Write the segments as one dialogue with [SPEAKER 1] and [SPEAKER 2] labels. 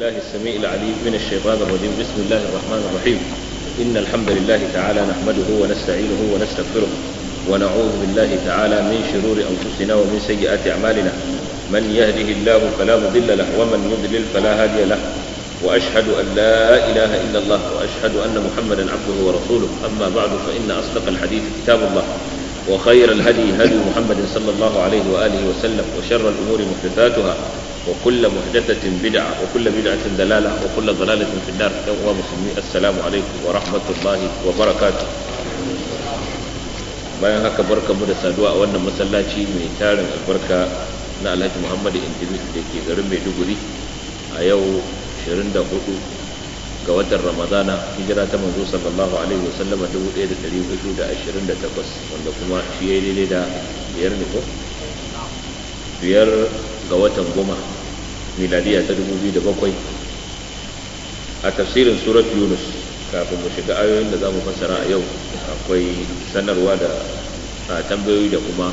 [SPEAKER 1] بالله السميع العليم من الشيطان الرجيم بسم الله الرحمن الرحيم إن الحمد لله تعالى نحمده ونستعينه ونستغفره ونعوذ بالله تعالى من شرور أنفسنا ومن سيئات أعمالنا من يهده الله فلا مضل له ومن يضلل فلا هادي له وأشهد أن لا إله إلا الله وأشهد أن محمدا عبده ورسوله أما بعد فإن أصدق الحديث كتاب الله وخير الهدي هدي محمد صلى الله عليه وآله وسلم وشر الأمور محدثاتها وكل محدثة بدعة وكل بدعة دلالة وكل ضلالة في النار يوم مسلمين السلام عليكم ورحمة الله وبركاته bayan haka barka mu da saduwa a wannan masallaci mai tarin albarka na alhaji muhammadu indimi da ke garin maiduguri a yau 24 ga watan ramadana hijira ta manzo sallallahu alaihi wasallam 1428 wanda kuma shi ya yi daidai da biyar ne ko biyar ga watan goma miladiya ta da 2007 a tafsirin surat yunus kafin mu shiga ayoyin da za mu fassara a yau akwai sanarwa da tambayoyi da kuma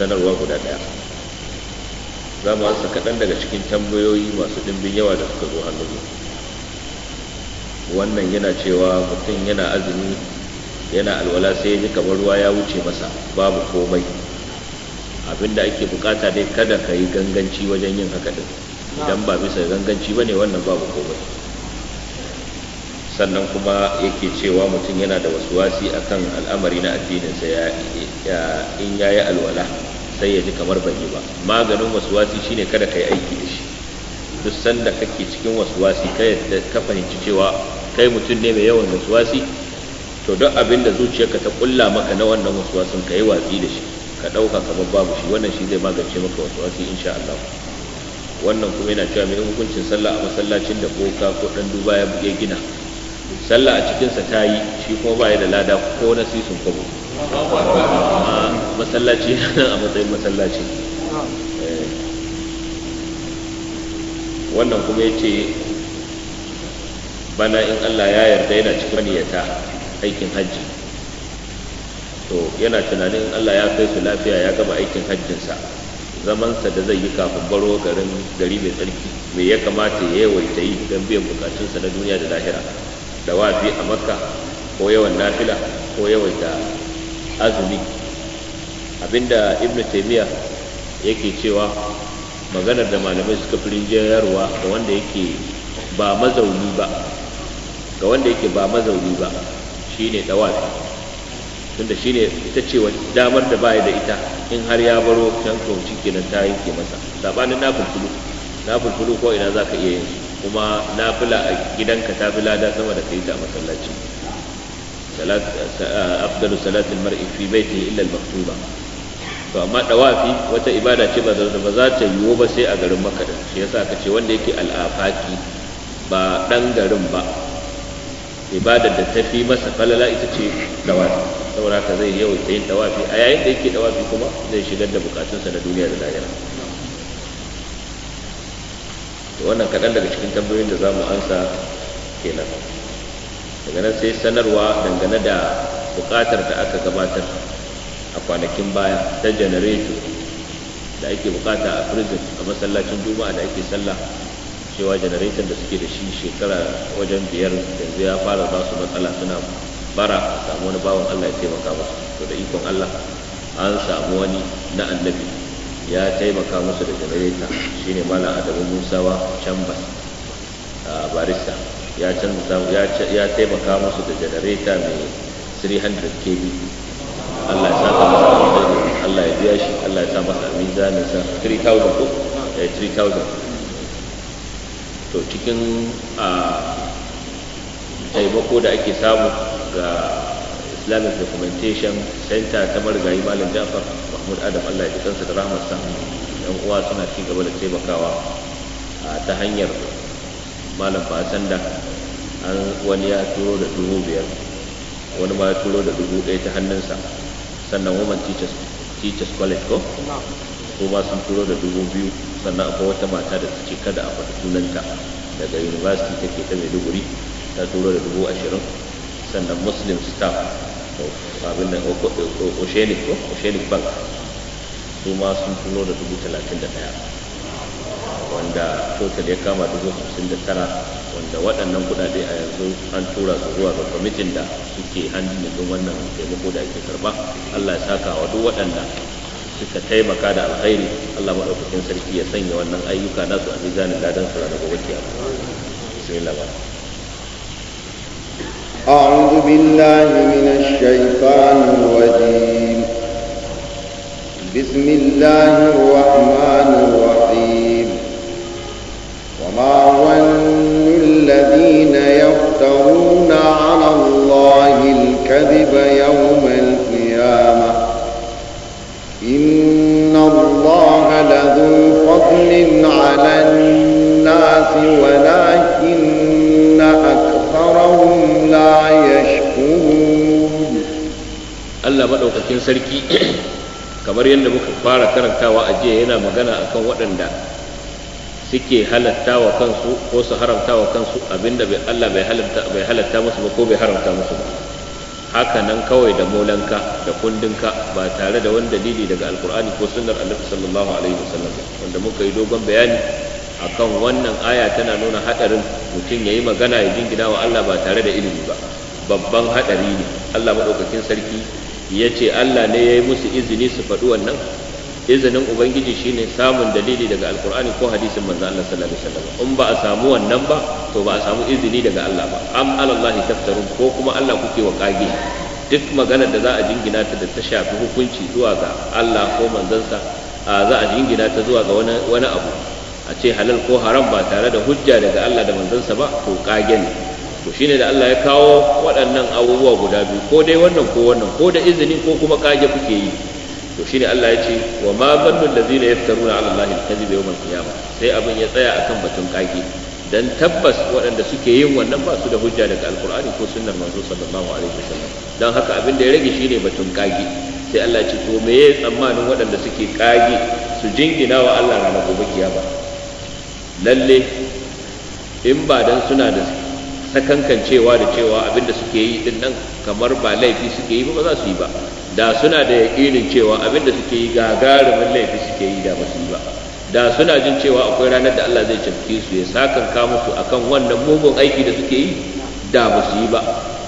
[SPEAKER 1] sanarwa guda daya za mu hasa kaɗan daga cikin tambayoyi masu ɗimbin yawa da suka zo hannunmu wannan yana cewa mutum yana azumi yana alwala sai ya ji kamar ruwa ya wuce masa babu komai abinda ake bukata dai kada ka yi ganganci wajen yin haka din idan ba bisa ganganci ba ne wannan babu komai sannan kuma yake cewa mutum yana da wasu a akan al'amari na addininsa ya in ya yi alwala sai ya ji kamar ban yi ba maganin wasu wasi shine kada ka yi aiki da shi duk sanda kake cikin wasu wasuwasi ka fahimci cewa kai mutum ne mai yawan wasu wasi to duk abin da zuciyarka ta kulla maka na wannan wasu wasin ka yi watsi da shi ka ɗauka kamar babu shi wannan shi zai magance maka wasu wasi insha Allah wannan kuma yana cewa mai hukuncin sallah a masallacin da boka ko dan duba ya buge gina sallah a cikinsa ta yi shi kuma ba ya da lada ko na sisin kwabo masallaci a matsayin masallaci eh. wannan kuma ya ce bana in allah ya yarda yana cikin niyyata aikin hajji to yana tunanin allah ya kai su lafiya ya gama aikin hajjinsa zamansa da zai yi kafin baro garin gari mai tsarki mai ya kamata ya yawaita yi don biyan bukatunsa na duniya da lahira da wafi a makka ko yawan nafila ko da azumi abinda ibnu taimiyya yake cewa maganar da malamai suka fi rinjayarwa ga wanda yake ba mazauni ba ga wanda yake ba mazauni ba shine dawafi tunda shi ne ita ce damar da baya da ita in har ya baro can to kenan ta yanke masa sabanin na fulfulu na fulfulu ko ina zaka iya yin kuma na fula a gidanka ta fi lada sama da kai ta a masallaci afdalu salatul mar'i fi baiti illa al-maktuba to amma dawafi wata ibada ce ba ba za ta yiwu ba sai a garin makka shi yasa ka ce wanda yake al'afaki ba dan garin ba ibadar da ta fi masa falala ita ce dawafi saboda haka zai yawaita yin dawafi a yayin da yake dawafi kuma zai shigar da bukatunsa na duniya da lahira wannan kaɗan daga cikin tambayoyin da za mu ansa kenan daga nan sai sanarwa dangane da bukatar da aka gabatar a kwanakin baya ta janareto da ake bukata a prison a masallacin juma'a da ake sallah cewa janareton da suke da shi shekara wajen biyar yanzu ya fara ba su matsala suna bara a samu wani bawan Allah ya taimaka musu to da ikon Allah an samu wani na annabi ya taimaka musu da janareta shine malam adamu musawa chambers a barista ya taimaka musu da generator mai 300 kb Allah ya saka masa Allah ya biya shi Allah ya sa masa mizanin sa 3000 ko 3000 eh, to cikin taimako da ake samu ga islamic documentation center ta marigayi malam jafar mahmud adam allah ya kansa da rahmarsa yan uwa suna ci gaba da taimakawa ta hanyar malam da an wani ya turo da dubu biyar wani ma ya turo da dubu ɗaya ta hannunsa sannan woman teachers college ko kuma sun turo da dubu biyu sannan akwai wata mata da ce kada a faɗi sunanta daga university take ta mai duguri ta turo da dubu ashirin sannan muslim staff abin da oceanic oceanic bank su ma sun turo da dubu talatin da ɗaya wanda total ya kama dubu hamsin da tara wanda waɗannan kuɗaɗe a yanzu an tura su zuwa ga kwamitin da suke hannun wannan taimako da ake karba allah ya saka wa duk waɗanda suka taimaka da alkhairi Allah maɗaukakin sarki ya sanya wannan ayyuka nasu a mizanin ladan su ranar gobe kiyama bismillah
[SPEAKER 2] أعوذ بالله من الشيطان الرجيم بسم الله الرحمن ولكن أكثرهم لا يشكرون
[SPEAKER 1] الله سركي kamar yadda muka fara karantawa a jiya yana magana akan waɗanda suke halatta wa kansu ko su haramta wa kansu abinda Allah bai halatta bai musu ba ko bai haramta musu ba haka nan kawai da molanka da kundinka ba tare da wani dalili daga alkur'ani ko sunnar annabi sallallahu alaihi wasallam wanda muka yi dogon bayani akan wannan aya tana nuna hadarin mutum ya yi magana ya jingina wa Allah ba tare da ilimi ba babban hadari ne Allah madaukakin sarki ya ce Allah ne ya yi musu izini su faɗi wannan izinin ubangiji shine samun dalili daga alkur'ani ko hadisin manzo Allah sallallahu alaihi wasallam in ba a samu wannan ba to ba a samu izini daga Allah ba am alallahi taftarun ko kuma Allah kuke wa kage duk maganar da za a jingina ta da ta shafi hukunci zuwa ga Allah ko manzansa za a jingina ta zuwa ga wani abu a ce halal ko haram ba tare da hujja daga Allah da manzansa ba to kage ne to shine da Allah ya kawo waɗannan abubuwa guda biyu ko dai wannan ko wannan ko da izini ko kuma kage kuke yi to shine Allah ya ce wa ma ya allazina yaftaruna ala allahi alkazib yawm qiyamah sai abin ya tsaya akan batun kage dan tabbas waɗanda suke yin wannan ba su da hujja daga alqur'ani ko sunnar manzo sallallahu alaihi wasallam dan haka abin da ya rage shine batun kage sai Allah ya ce to me tsammanin waɗanda suke kage su jingina wa Allah ranar gobe kiyama lalle in ba dan suna da sakankan cewa da cewa abinda suke yi din nan kamar ba laifi suke yi ba za su yi ba da suna da yaƙinin cewa abinda suke yi gagarumin laifi suke yi da ba su yi ba da suna jin cewa akwai ranar da Allah zai cafke su ya sakanka musu akan wannan mugun aiki da suke yi da ba su yi ba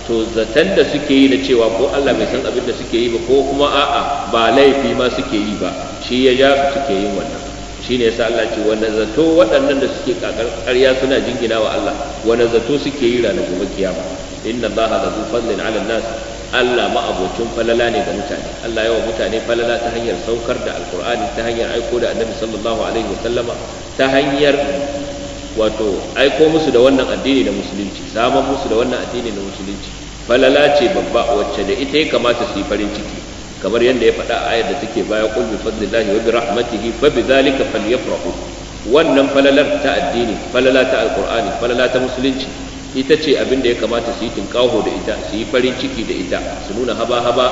[SPEAKER 1] to zaton da suke yi na cewa ko Allah bai san abin da suke yi ba ko kuma a'a ba laifi ma suke yi ba shi ya ja suke yin wannan shine yasa Allah ce wanda zato waɗannan da suke kakar ƙarya suna jingina wa Allah wanda zato suke yi ranar gobe kiyama inna Allah la zu fadlin ala nas Allah ma'abocin falala ne ga mutane Allah yawa mutane falala ta hanyar saukar da alkur'ani ta hanyar aiko da annabi sallallahu alaihi wasallama ta hanyar wato aiko musu da wannan addini da musulunci samar musu da wannan addini da musulunci falala ce babba wacce da ita ya kamata su yi farin ciki kamar yadda ya faɗa a ayar da take baya qul bi fadlillahi wa bi rahmatihi fa bi dhalika falyafrahu wannan falalar ta addini falala ta alqur'ani falala ta musulunci ita ce abin da ya kamata su yi tinkaho da ita su yi farin ciki da ita su nuna haba haba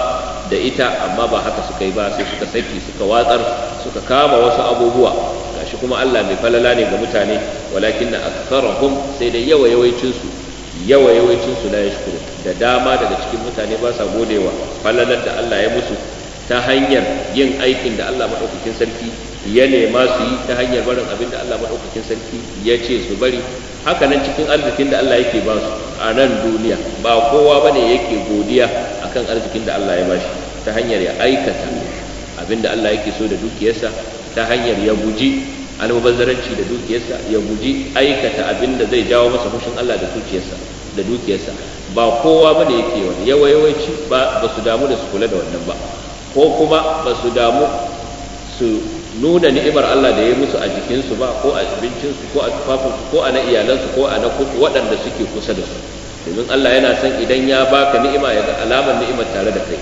[SPEAKER 1] da ita amma ba haka suka yi ba sai suka saki suka watsar suka kama wasu abubuwa gashi kuma Allah mai falala ne ga mutane walakin na aktharahum sai dai yawa yawaicin su yawa yawancin su la yashkuru da dama daga cikin mutane ba sa godewa falalar da Allah ya musu ta hanyar yin aikin da Allah madaukakin sarki ya nema su yi ta hanyar barin abin da Allah madaukakin sarki ya ce su bari haka nan cikin arzikin da Allah yake ba su a nan duniya ba kowa bane yake godiya akan arzikin da Allah ya bashi ta hanyar ya aikata abin da Allah yake so da dukiyarsa ta hanyar ya guji almubazzaranci da dukiyarsa ya guji aikata abin da zai jawo masa fushin Allah da dukiyarsa da dukiyarsa ba kowa ba da yake wani yawayawaci ba ba su damu da su kula da wannan ba ko kuma ba su damu su nuna ni'imar Allah da ya musu a jikinsu ba ko a abincinsu ko a tufafinsu ko a na iyalansu ko a na kuku waɗanda suke kusa da su domin Allah yana son idan ya baka ni'ima ya ga alamar ni'imar tare da kai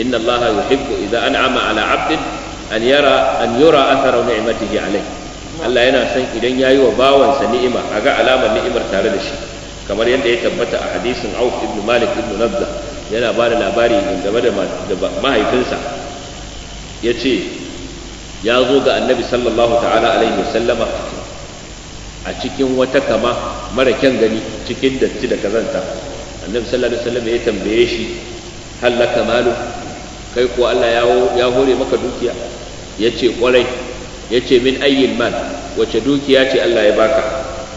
[SPEAKER 1] inna Allah yuhibbu idza an'ama ala 'abdin an yara an yura athara ni'matihi alayhi Allah yana son idan yayi wa bawansa ni'ima a ga alamar ni'imar tare da shi kamar yadda ya tabbata a hadisin Auf ibn Malik ibn Nabda yana ba da labari game da mahaifinsa ya ce ya zo ga annabi sallallahu ta'ala alaihi wasallama a cikin wata kama mara kyan gani cikin datti da kazanta annabi sallallahu alaihi wasallam ya tambaye shi hallaka malu kai ko Allah ya hore maka dukiya ya ce kwarai ya ce min ayyin mal wace dukiya ce Allah ya baka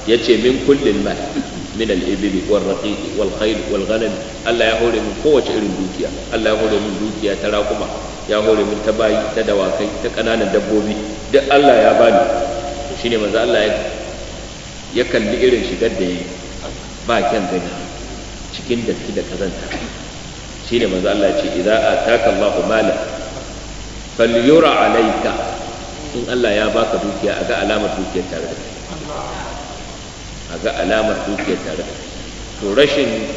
[SPEAKER 1] ya ce min kullin mal min al-ibil wal wal khayl Allah ya hore min kowace irin dukiya Allah ya hore min dukiya ta raƙuma ya hore min ta bayi ta dawakai ta ƙananan dabbobi duk Allah ya bani shine manzo Allah ya kalli irin shigar da yayi ba kyan gani cikin datti da kazanta shine manzo Allah in Allah ya baka dukiya ga alamar dukiya tare da a ga alamar dukiyar tare da to rashin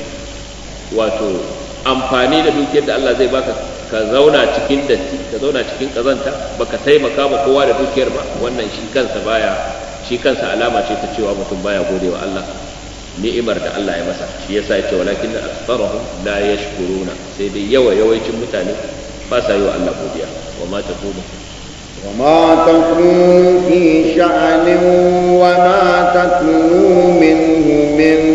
[SPEAKER 1] wato amfani da dukiyar da Allah zai baka ka zauna cikin datti ka zauna cikin kazanta baka taimaka ba kowa da dukiyar ba wannan shi kansa baya shi kansa alama ce ta cewa mutum baya godewa Allah ni'imar da Allah ya masa shi yasa yake walakin aktharuhum la yashkuruna sai dai yawa yawaicin mutane ba sa yi wa Allah godiya wa ma takunu
[SPEAKER 2] وما تكون في شأن وما تتلو منه من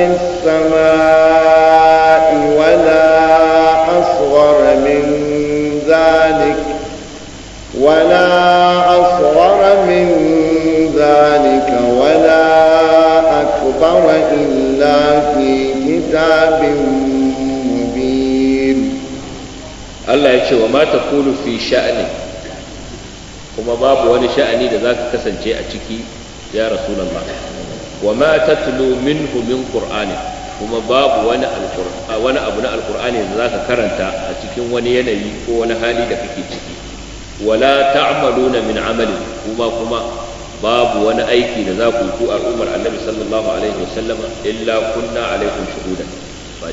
[SPEAKER 2] في السماء ولا أصغر من ذلك ولا أصغر من ذلك ولا أكبر إلا في كتاب مبين الله يقول وما تقول في شأنك kuma babu
[SPEAKER 1] wani sha'ani da za ka kasance a ciki ya rasulallah wa ma tatlu minhu min qur'ani kuma babu wani wani abu na alqur'ani da zaka karanta a cikin wani yanayi ko wani hali da kake ciki wala ta'maluna min amali kuma kuma babu wani aiki da za ku yi ku al'ummar annabi sallallahu alaihi wasallama illa kunna alaikum shuhuda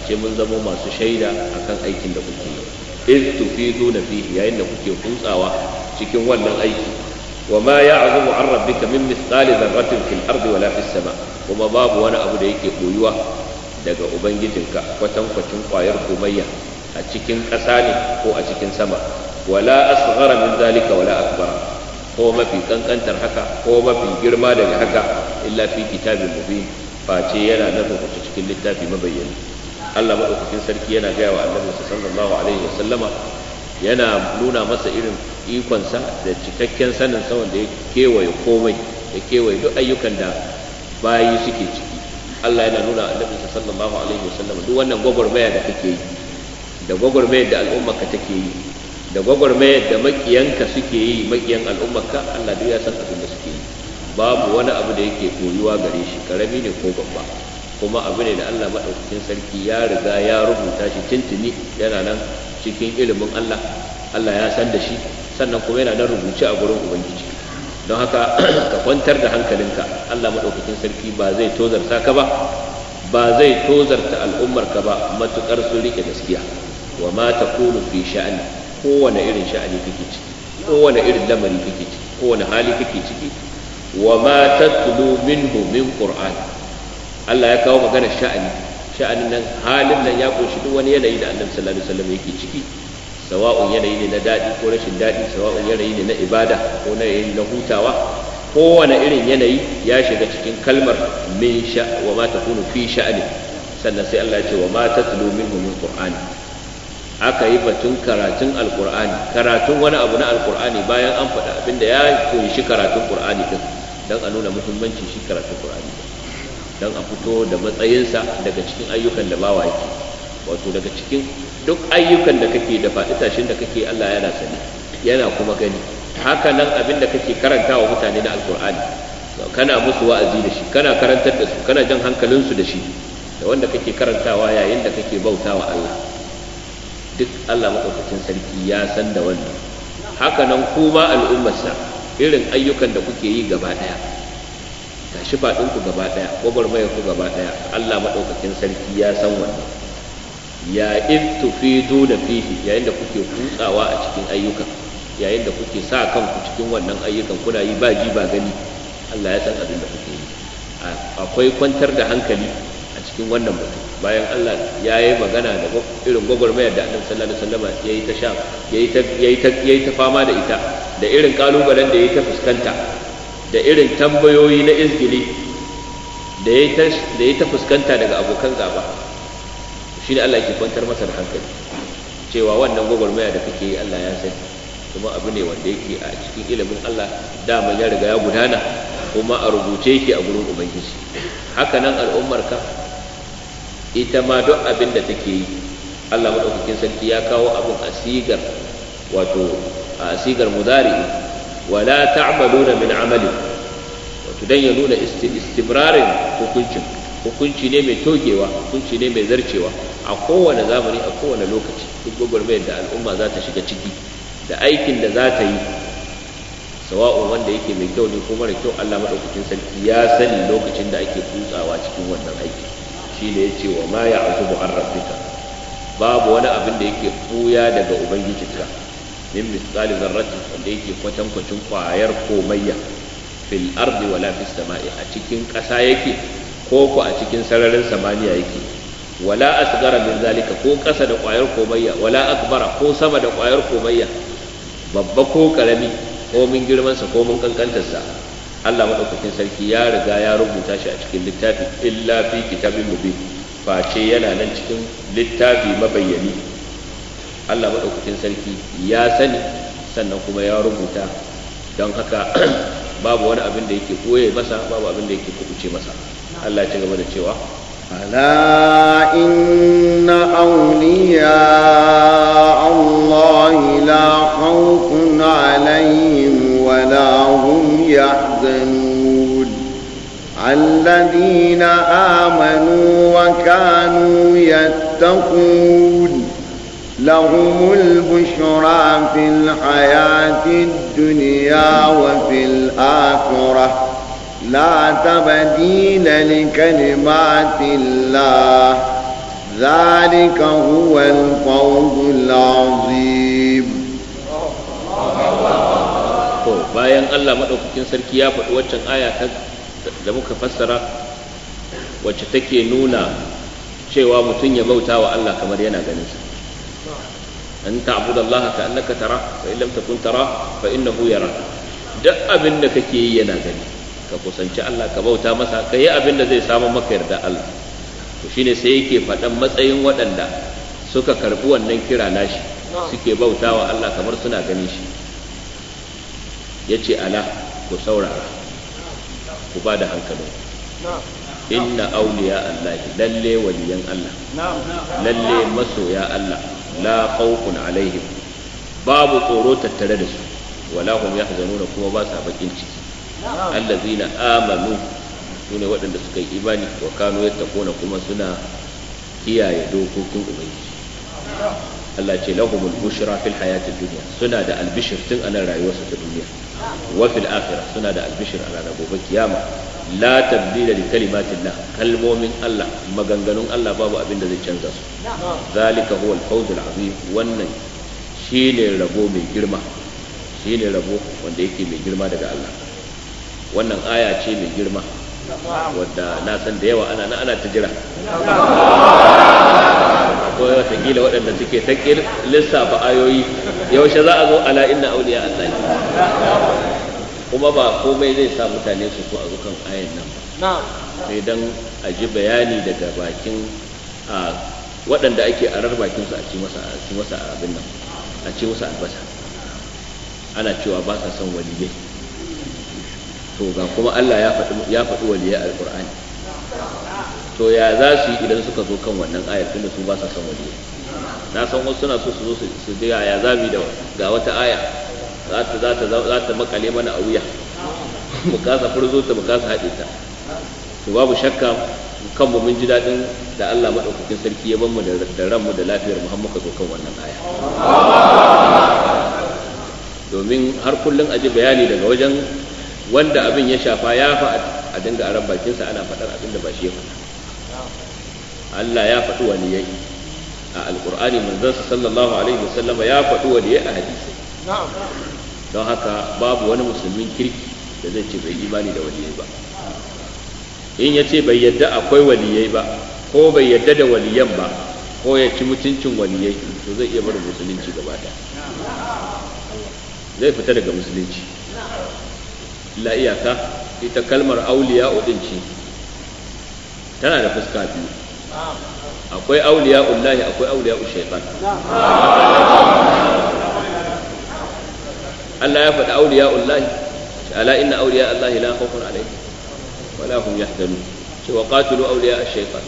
[SPEAKER 1] ce mun zama masu shaida akan aikin da kuke yi iz tufiduna fihi yayin da kuke kutsawa cikin wannan aiki wa ya ya'zumu an rabbika min mithqali dharratin fil ardi wala fis kuma babu wani abu da yake koyuwa daga ubangijinka kwatankwacin kwayar komayya a cikin ƙasa ne ko a cikin sama wala asghara min zalika wala akbar ko mafi kankantar haka ko mafi girma daga haka illa fi kitabin mubin face yana nan rubuta cikin littafi mabayyani Allah madaukakin sarki yana gaya wa annabi sallallahu alaihi wasallama yana nuna masa irin ikonsa da cikakken sanin sawan da ya kewaye komai ya kewaye duk ayyukan da bayi suke ciki Allah yana nuna annabinsa sallallahu alaihi wasallam duk wannan gwagwarmaya da kake yi da gwagwarmaya da al'ummarka take yi da gwagwarmaya da makiyanka suke yi makiyan al'ummarka Allah duk ya san abin da suke yi babu wani abu da yake koyuwa gare shi karami ne ko babba kuma abu ne da Allah madaukakin sarki ya riga ya rubuta shi tintini yana nan cikin ilimin Allah Allah ya san da shi sannan kuma yana nan rubuce a gurin ubangiji don haka ka kwantar da hankalinka Allah maɗaukakin sarki ba zai tozarta ka ba ba zai tozarta al'ummarka ba matukar sun rike gaskiya wa ma takunu fi sha'ani kowane irin sha'ani kake ciki kowane irin lamari kake ciki kowane hali kake ciki wa ma tatlu minhu min qur'an Allah ya kawo maganar sha'ani sha'anin nan halin nan ya ƙunshi duk wani yanayi da annabi sallallahu alaihi wasallam yake ciki sawa'un yanayi ne na daɗi ko rashin daɗi sawa'un yanayi ne na ibada ko na yanayi na hutawa kowane irin yanayi ya shiga cikin kalmar min sha wa ma takunu fi sha'ani sannan sai Allah ya ce wa ma tatlu minhu min qur'ani aka yi batun karatun alqur'ani karatun wani abu na alqur'ani bayan an faɗa abinda ya kunshi karatun qur'ani din dan a nuna muhimmancin shi karatun qur'ani don a fito da matsayinsa daga cikin ayyukan da bawa yake wato daga cikin duk ayyukan da kake da faɗi tashin da kake Allah yana sani yana kuma gani haka nan abin da kake karantawa mutane na alkur'ani kana musu wa'azi da shi kana karantar da su kana jan hankalinsu da shi da wanda kake karantawa yayin da kake bautawa Allah duk Allah maɗaukacin sarki ya san da wannan haka nan kuma al'ummarsa irin ayyukan da kuke yi gaba ɗaya ga shi ku gaba ɗaya gwagwarmayar ku gaba ɗaya Allah maɗaukakin sarki ya san wannan ya in tufidu da fihi yayin da kuke kutsawa a cikin ayyukan yayin da kuke sa kanku cikin wannan ayyukan kuna yi ba ji ba gani Allah ya san abin da kuke yi akwai kwantar da hankali a cikin wannan mutum bayan Allah ya yi magana da irin gwagwarmayar da Annabi sallallahu alaihi wasallam ya yi ta sha ya yi ta fama da ita da irin kalubalen da ya yi ta fuskanta da irin tambayoyi na izgili da ya ta fuskanta daga abokan gaba shi ne Allah ke kwantar masa da hankali cewa wannan gwagwarmaya da kake yi Allah ya sani kuma abu ne wanda yake a cikin ilimin Allah dama ya riga ya gudana kuma a rubuce yake a gurin ubangiji haka nan al'ummarka ita ma duk abin da take yi Allah maɗaukakin sarki ya kawo abin asigar wato asigar mudari wala ta'maluna min amali wato dan ya nuna istibrarin hukuncin hukunci ne mai togewa hukunci ne mai zarcewa a kowane zamani a kowane lokaci duk gwagwarmayar da al'umma za ta shiga ciki da aikin da za ta yi sawa'un wanda yake mai kyau ne kuma da kyau Allah madaukakin sarki ya sani lokacin da ake kutsawa cikin wannan aiki shi ya ce wa ma ya azubu an rabbika babu wani abin da yake buya daga ubangijinka min misali zarratin wanda yake kwatankwacin kwayar komayya fil ardi wala fis sama'i a cikin ƙasa yake ko a cikin sararin samaniya yake wala asgara min zalika ko ƙasa da kwayar komayya wala akbara ko sama da kwayar komayya babba ko karami ko min girmansa ko min kankantarsa Allah madaukakin sarki ya riga ya rubuta shi a cikin littafi illa fi kitabin mubin face yana nan cikin littafi mabayyani Allah maɗaukakin sarki ya sani sannan kuma ya rubuta don haka babu wani abin da yake koye masa babu abin da yake kubuce masa Allah ya ci gaba da cewa
[SPEAKER 2] ألا Allah أولياء الله لا خوف عليهم ولا هم يحزنون amanu آمنوا وكانوا يتقون لهم البشرى في الحياة الدنيا وفي الآخرة لا تبديل لكلمات الله ذلك هو الفوز العظيم bayan
[SPEAKER 1] Allah maɗaukakin sarki ya faɗi waccan aya da muka fassara wacce take nuna cewa mutum ya bauta wa Allah kamar yana ganin sa an ta'budu Allah ka annaka tara fa in lam takun tara fa innahu yaraka duk abin da kake yi yana gani ka kusanci Allah ka bauta masa ka yi abin da zai samu maka yarda Allah to shine sai yake faɗan matsayin waɗanda suka karbi wannan kira nashi suke bautawa Allah kamar suna ganin shi yace ala ku saurara ku ba da hankali
[SPEAKER 3] inna auliya
[SPEAKER 1] Allah lalle waliyan Allah lalle masoya Allah la khawfun alaihim babu tsoro tattare da su wala hum nuna kuma ba sa bakin ciki
[SPEAKER 3] Allah allazina
[SPEAKER 1] amanu sune waɗanda suka yi imani wa Kano kanu yattaquna kuma suna kiyaye dokokin ubangiji Allah ce lahumul bushra fil hayatid dunya suna da albishir tun anan rayuwarsa ta duniya wa fil akhirah suna da albishir a ranar gobe kiyama la tabdila li kalimatillah kalmomin Allah maganganun Allah babu abin da zai canza su zalika huwa al-fawz al-azim wannan rabo mai girma shine rabo wanda yake mai girma daga Allah wannan aya ce mai girma wadda na san da yawa ana ana ta jira akwai gila waɗanda suke ta lissafa ayoyi yaushe za a zo ala inna auliya Allah kuma ba komai zai sa mutane su ko a rukan ayan nan
[SPEAKER 3] ba sai
[SPEAKER 1] dan a ji bayani daga bakin waɗanda ake arar bakin su a ci masa a ci masa abin nan a ci masa albasa ana cewa ba sa son waliyai to ga kuma Allah ya faɗi waliyai Alƙur'ani, to ya za su yi idan suka zo kan wannan ayar tunda su ba sa son waliyai na san wasu suna so su zo su ga ya zabi da ga wata aya za ta za ta za ta makale mana a wuya
[SPEAKER 3] mu kasa furzo ta
[SPEAKER 1] mu kasa haɗe ta to babu shakka kanmu mun ji dadin da Allah madaukakin sarki ya ban mu da ran mu da lafiyar mu har zo kan wannan aya domin har kullum aji bayani daga wajen wanda abin ya shafa ya fa a dinga a bakinsa ana faɗar abin da ba shi ya faɗa Allah ya faɗi wani yayi a alƙur'ani manzon sallallahu alaihi wasallam ya faɗi wani yayi a hadisi don haka babu wani musulmin kirki da zai ce bai imani da waliyai ba in ya ce bai yadda akwai waliyai ba ko bai yadda da waliyan ba ko ya ci mutuncin waliyai to zai iya barin musulunci gaba zai fita daga musulunci la iyaka ita kalmar auliya din ce tana da fuska biyu akwai auliya ullahi akwai auliya shaitan Allah ya faɗi auliya Allah ala inna auliya Allah la khawfun alaihim wa la hum yahzanun ce wa qatilu auliya ash-shaytan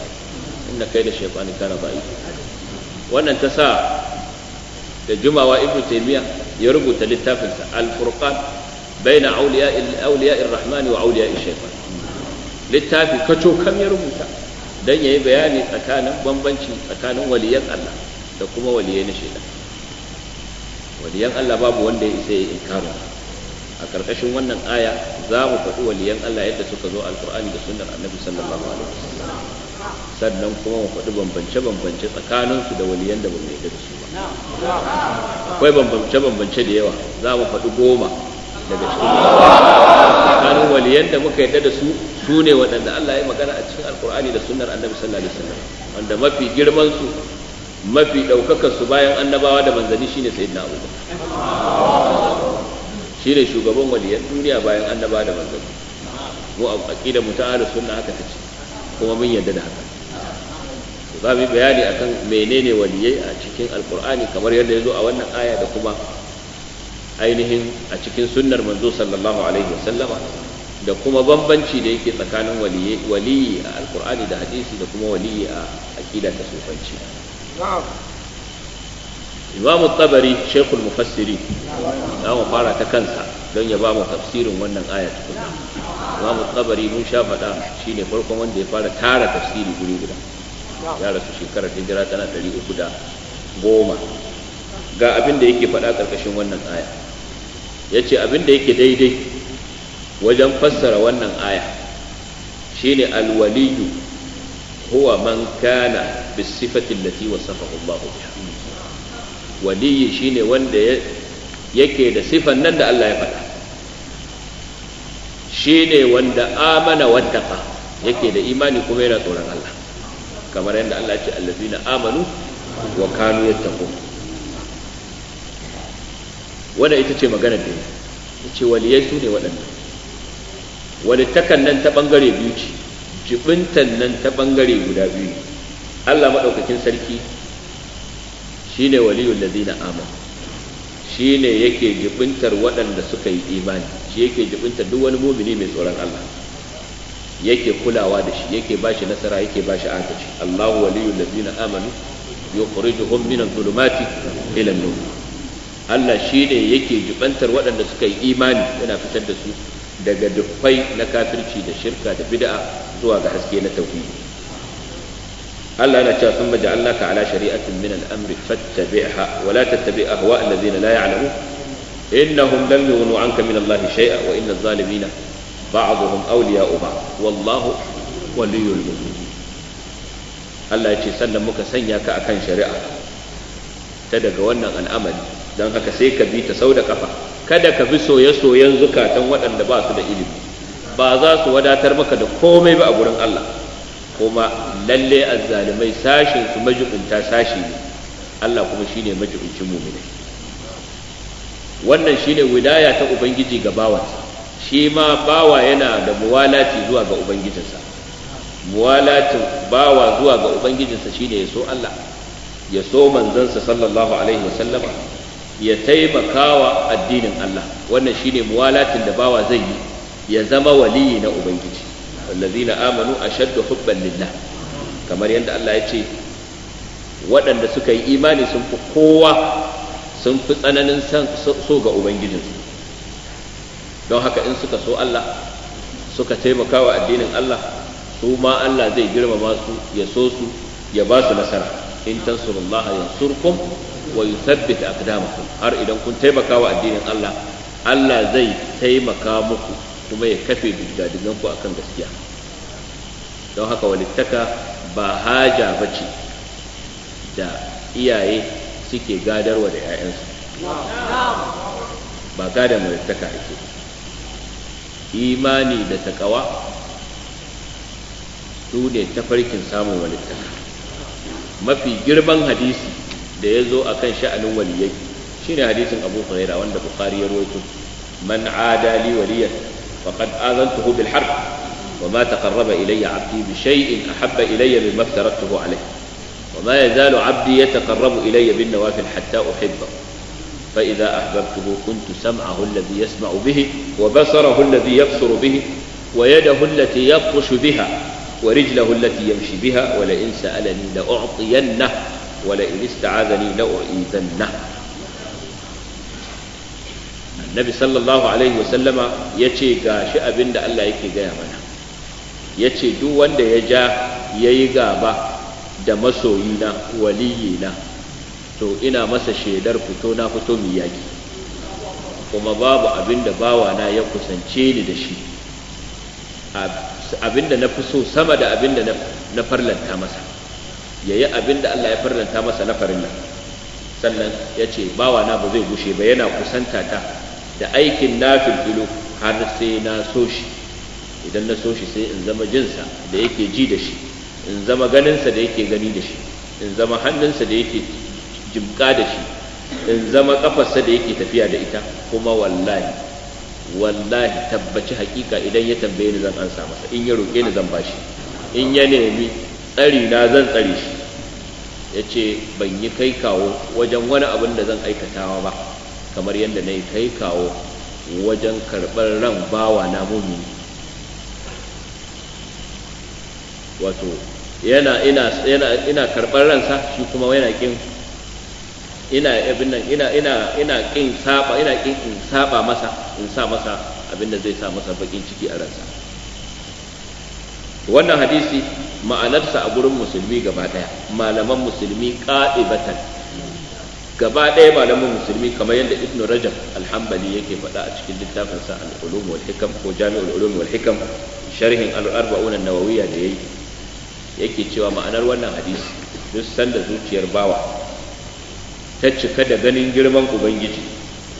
[SPEAKER 1] inna kayda ash-shaytani kana da'if wannan ta sa da jumawa ibnu taymiya ya rubuta littafin sa al-furqan baina auliya auliya ar-rahman wa auliya ash-shaytan littafi kaco kam ya rubuta dan yayi bayani tsakanin bambanci tsakanin waliyan Allah da kuma waliyai na shaytan waliyan Allah babu wanda ya isa ya inkara a karkashin wannan aya za mu faɗi waliyan Allah yadda suka zo alkur'ani da sunnar annabi sallallahu alaihi wasallam sannan kuma mu faɗi bambance-bambance tsakaninsu da waliyan da ba mu da su ba akwai bambance-bambance da yawa za mu faɗi goma daga cikin tsakanin waliyan da muka yadda da su su ne waɗanda Allah ya magana a cikin alkur'ani da sunnar annabi sallallahu alaihi wasallam wanda mafi girman su mafi ɗaukakar su bayan annabawa da manzanni shine sayyidina shi ne shugaban waliyyar duniya bayan annabawa da manzanni mu a aqida mu ala sunna haka tace kuma mun yarda da haka
[SPEAKER 3] za mu bayani akan
[SPEAKER 1] menene waliyai a cikin alkur'ani kamar yadda ya zo a wannan aya da kuma ainihin a cikin sunnar manzo sallallahu alaihi wasallama da kuma bambanci da yake tsakanin waliyi a alkur'ani da hadisi da kuma waliyi a aqida ta sufanci imamu tabari shekul mufassiri za mu fara ta kansa don ya ba mu tafsirin wannan aya tukuna imamu tabari mun sha faɗa shi ne farkon wanda ya fara tara tafsiri guri guda ya rasu shekarar hijira tana ɗari uku da goma ga abin da yake faɗa ƙarƙashin wannan aya ya ce abin da yake daidai wajen fassara wannan aya shine alwaliyu huwa man kana bis sifati allati wasafahu Allah biha waliyi shine wanda yake da sifan nan da Allah ya faɗa shine wanda amana wattaqa yake da imani kuma yana tsoron Allah kamar yadda Allah amanu wa wanda ita ce magana da ya ce waliyai su ne waɗanda wani takan nan ta ɓangare biyu ce jibintan nan ta bangare guda biyu Allah maɗaukakin sarki shine waliyul ladina amanu shine yake jibintar waɗanda suka yi imani shi yake jibintar duk wani mumini mai tsoron Allah yake kulawa da shi yake ba shi nasara yake ba bashi agaji Allahu waliyul ladina amanu yukhrijuhum min adh-dhulumati ila an-nur Allah shine yake jibantar waɗanda suka yi imani yana fitar da su daga dukkai na kafirci da shirka da bid'a zuwa ga haske na tauhidi Allah yana cewa thumma ja'alnaka ala shari'atin min al-amri fattabi'ha wa la tattabi' ahwa alladhina la ya'lamu innahum lam yughnu 'anka min Allah shay'a wa inna adh-dhalimina ba'dhum awliya'u ba'd wallahu waliyyul mu'minin Allah ya ce sannan muka sanya ka akan shari'a ta daga wannan al'amari don haka sai ka bi ta sau da kafa kada ka bi soye-soyen zukatan waɗanda ba su da ilimi ba za su wadatar maka da komai ba a gurin Allah kuma lalle azzalimai sashin su majibinta sashi ne Allah kuma shine majibincin mu'mini wannan shine wilaya ta ubangiji ga bawansa shi ma bawa yana da muwalati zuwa ga ubangijinsa muwalatin bawa zuwa ga ubangijinsa shine ya so Allah ya so manzansa sallallahu alaihi wasallama ya taimakawa addinin Allah wannan shine muwalatin da bawa zai yi ya zama waliyi na ubangiji wallazina amanu ashaddu hubban lillah kamar yadda Allah ya ce waɗanda suka yi imani sun fi kowa sun fi tsananin so ga ubangijinsu don haka in suka so Allah suka taimaka wa addinin Allah su ma Allah zai girmama su ya so su ya ba su nasara in tansurullaha yansurkum wa yuthabbit aqdamakum har idan kun taimaka wa addinin Allah Allah zai taimaka muku kuma ya kafe dukkan ku akan gaskiya don haka walittaka ba haja ba ce da iyaye suke gadarwa da 'ya'yansu
[SPEAKER 3] ba da walittaka
[SPEAKER 1] ake imani da takawa su ne tafarkin samun walittaka mafi girman hadisi da ya zo a kan sha'anin waliyai shine hadisin abu hurairah wanda bukari ya rawaito man adali فقد آذنته بالحرب وما تقرب إلي عبدي بشيء أحب إلي مما افترضته عليه وما يزال عبدي يتقرب إلي بالنوافل حتى أحبه فإذا أحببته كنت سمعه الذي يسمع به وبصره الذي يبصر به ويده التي يبطش بها ورجله التي يمشي بها ولئن سألني لأعطينه ولئن استعاذني لأعيذنه nabi sallallahu alaihi wasallama ya ce ga shi abin da Allah yake gaya mana ya ce duk wanda ya ja ya yi gaba da masoyina waliyina to ina masa shaidar fito na fito mai yaki kuma babu abin da bawana ya kusance ni da shi abin da na fi so sama da abin da na farlanta masa ya yi abin da Allah ya farlanta masa na nan, sannan ya ce bawana ba zai gushe ba yana kusanta ta da aikin na nafilfilu har sai na so shi idan na so shi sai in zama jinsa da yake ji da shi in zama ganinsa da yake gani da shi in zama hannunsa da yake jimka da shi in zama kafarsa da yake tafiya da ita kuma wallahi wallahi tabbaci hakika idan ya tambaye ni zan ansa masa in ya roƙe ni zan bashi in ya nemi tsari na zan tsare shi ya ce ban yi kai kawo wajen wani abin da zan aikatawa ba kamar yadda na yi kai kawo wajen karɓar ran bawa na mumini wato yana ina karɓar ransa shi kuma yana kin ina ina ina ina saba ina kin in saba masa in sa masa abin da zai sa masa bakin ciki a ransa wannan hadisi ma'anarsa a gurin musulmi gaba daya malaman musulmi qa'ibatan gaba ɗaya malamin musulmi kamar yadda ibnu rajab alhambali yake faɗa a cikin littafinsa al-ulum wal hikam ko jami'ul ulum wal hikam sharhin al-arba'un an-nawawiyya da yayi yake cewa ma'anar wannan hadisi duk sanda zuciyar bawa ta cika da ganin girman ubangiji